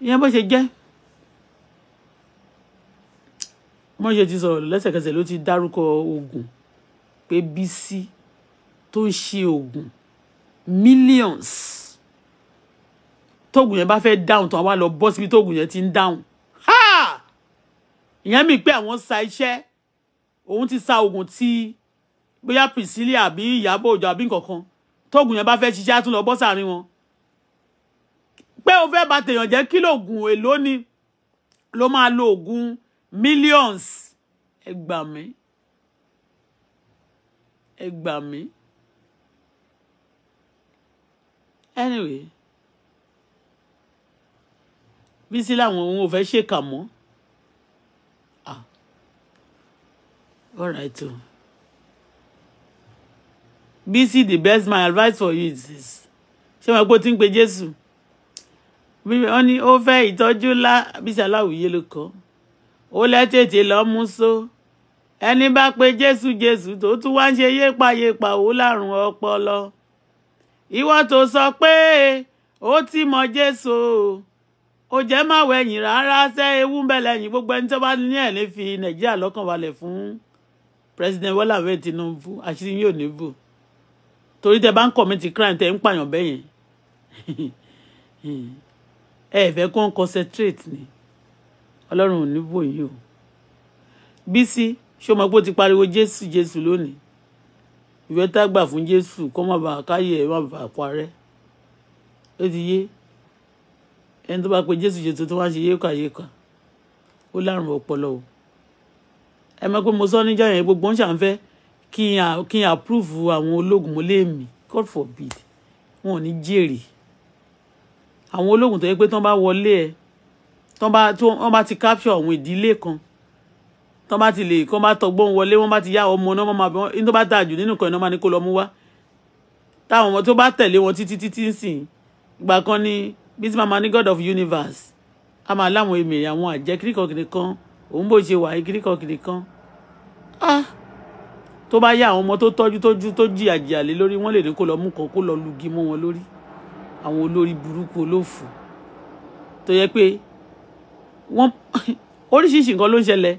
ìyẹn bó ṣe jẹ́ wọ́n ṣe ti sọ̀rọ̀ lẹ́sẹ̀kẹsẹ̀ ló ti dárúkọ oògùn pé Bísí tó ń ṣe oògùn millions tóògùn yẹn bá fẹ́ dáhùn tó àwa lọ bọ́ síbi tóògùn yẹn ti ń dáhùn ìyẹn mi pé àwọn sa iṣẹ́ òun ti sa oògùn tí bóyá Priscilla àbí Ìyábọ̀ Òjó àbí nǹkan kan tóògùn yẹn bá fẹ́ ṣiṣẹ́ á tún lọ bọ́ sàárín wọn pé o fẹ́ bà tèèyàn jẹ́ kí lòògùn èlò ni ló máa lo oògùn millions ẹ gbà mí ẹ mí anyway bísí làwọn òun ò fẹ́ ṣèkà mọ́ ah all right o bísí the best my advice for you is this ṣé wọn gbó tí ń pe jésù wọ́n ní ó fẹ́ ìtọ́jú lá bísí aláwìyé ló kọ́ ó lẹ́tètè lọ́ mú só ẹni bá pe jésù jésù tó tún wá ń ṣe yépayépa òun lárùn ọpọlọ ìwọ tó sọ pé ó ti mọ jésù ó jẹ́ má wẹ̀yìn rárá sẹ́ ewu ń bẹ gbogbo ẹni tó bá ní ẹ̀ fi nàìjíríà lọ́kàn balẹ̀ fún president Bola Ahmed Tinubu àṣírí yóò ní bù torí tẹ bá ń commit crime tẹ ń pààyàn bẹ́yẹn. (laughs) ẹ fẹ́ kó ń concentrate ni ọlọ́run ò ní wò yìí o Bísí ṣé o mọ̀ pé o ti pariwo Jésù Jésù lónìí ìfẹ́ tá gbà fún Jésù kó má bàa káyè ẹ̀ má bàa parẹ́ ó ti yé ẹni tó bá pe Jésù Jésù tó wá ṣe yékàyékà ó lárùn ọpọlọ o ẹ mọ̀ pé mo sọ níjà yẹn gbogbo ń ṣàǹfẹ́ kí n approve àwọn ológun mọ́lẹ́mì God forbid wọn ò ní jèrè àwọn ológun tó yẹ pé tán bá wọlé ẹ tán bá tí wọn bá ti capture àwọn ìdílé kan tán bá ti lè kán bá tọgbọ́n wọlé wọn bá ti yá ọmọ náà máa bí wọn ní tó bá tà jù nínú kan iná máa ní kó lọ mú wá táwọn ọmọ tó bá tẹ̀lé wọn títí títí ń sìn kan ní bí tí màmá ní god of universe a máa láwọn èmèrè àwọn àjẹ́ kíríkọ̀kiri kan òun bò ṣe wà kíríkọ̀kiri kan ah tó bá yá àwọn ọmọ tó tọ́jú tójú tó jìyà jìyà lé lórí wọ́n lè ní kó lọ mú kan kó lọ lugi mọ́ wọn lórí àwọn olórí burúkú olófù tó yẹ pé wọ́n (laughs) oríṣiríṣi nǹkan ló ń ṣẹlẹ̀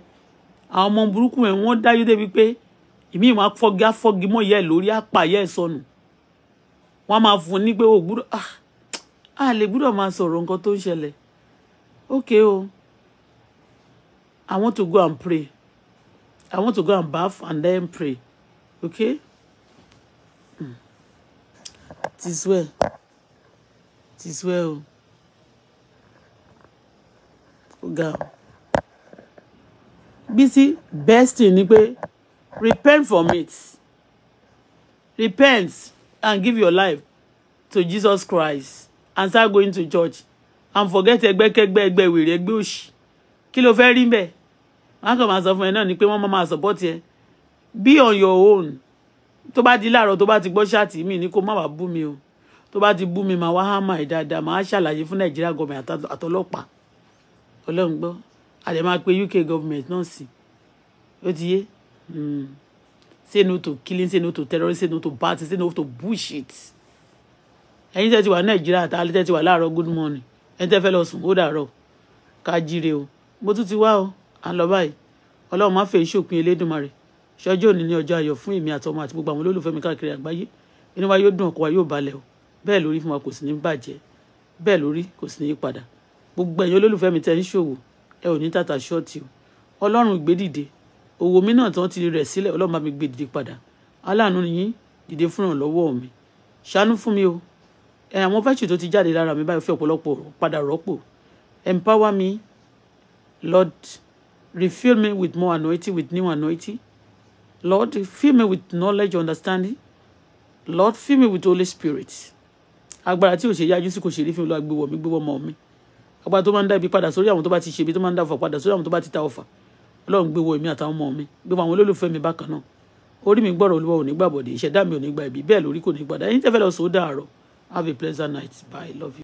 àwọn ọmọ burúkú yẹn wọ́n dájú débi pé ìmí ìmọ̀ afọ́gi afọ́gi mọ́ ìyá ẹ̀ lórí apá ìyá ẹ̀ sọnù wọ́n á máa fún un ní pé ó gbúdọ̀ ah, a lè gbúdọ̀ máa sọ̀rọ̀ nǹkan tó ń ṣẹlẹ̀ okay o I want to go and pray I want to go and bath and then pray okay mm. this way. It is well. Ó ga o. Bísí best thing ni pé repent from it. Repent and give your life to Jesus Christ and start going to church and forget ẹgbẹ́kẹ́gbẹ́ ẹgbẹ́ wèrè ẹgbẹ́ òṣì. Kí ló fẹ́ rí mbẹ̀? Wọ́n á kàn máa sọ fún ẹ náà ni pé wọ́n máa máa support ẹ. Be on your own. Tó bá di láàárọ̀ tó bá ti gbọ́ ṣáàtì mi ni kó má wàá bú mi o tó bá ti bú mi màá wá hámà ẹ̀ dáadáa màá ṣàlàyé fún nàìjíríà gọọmẹ̀ntì àtọlọ́pàá ọlọ́run gbọ́ àdè máa pe uk gọọmẹ̀ntì náà sí ó ti yé hmm. say no to killing say no to terrorism say no to party say no to bullshit ẹ̀yin tẹ́ ti wà nàìjíríà tá a lè tẹ́ ti wà láàárọ̀ good morning ẹ̀yin tẹ́ fẹ́ lọ sùn ó dàárọ̀ ká jíire o mo tún ti wá o à ń lọ báyìí ọlọ́run má fẹ́ ìṣòpin elédùnmarè ṣọjọ́ òní ní ọjọ́ ayọ̀ fún èmi àtọmọ àti gbogbo àwọn olólùfẹ́ mi káàkiri àgbáyé inú wa yóò dùn ọkọ wa yóò balẹ̀ o bẹ́ẹ̀ lórí fún wa kò sì ní bàjẹ́ bẹ́ẹ̀ lórí kò sì ní padà gbogbo ẹ̀yin olólùfẹ́ mi tẹ́ ń ṣòwò ẹ ò ní tàtà ṣọ́ọ̀tì o ọlọ́run gbédìde òwò mi náà tán ti rẹ̀ sílẹ̀ ọlọ́run bá mi gbédìde padà aláàánú ni yín dìde fúnràn lọ́wọ́ mi ṣàánú fún mi o ẹ àwọn fẹ́ṣù tó ti jáde lára mi báyìí fẹ́ ọ̀pọ̀lọpọ̀ padà rọ́pò empower me lord refill me with more anointing with new anointing lord fill me with knowledge understanding lord fill me with holy spirit agbára tí ò ṣe yájú sí kò ṣe rí fún mi lọ mi agbára tó máa ń dá ibi padà sórí àwọn tó bá ti ṣe ibi tó máa ń dá ọfà padà sórí àwọn tó bá ti ta ọfà ọlọ́run gbéwọ̀ èmi àtàwọn ọmọ mi gbéwọ̀ àwọn olólùfẹ́ mi bákan náà orí mi gbọ́rọ̀ olúwa ò ní gbàbọ̀dé ìṣẹ̀dá mi ò ní gba ibi bẹ́ẹ̀ lórí kò ní gbàdá ẹ̀yin tẹ́fẹ́ lọ sọ ó dàárọ̀ have a pleasant night bye love you.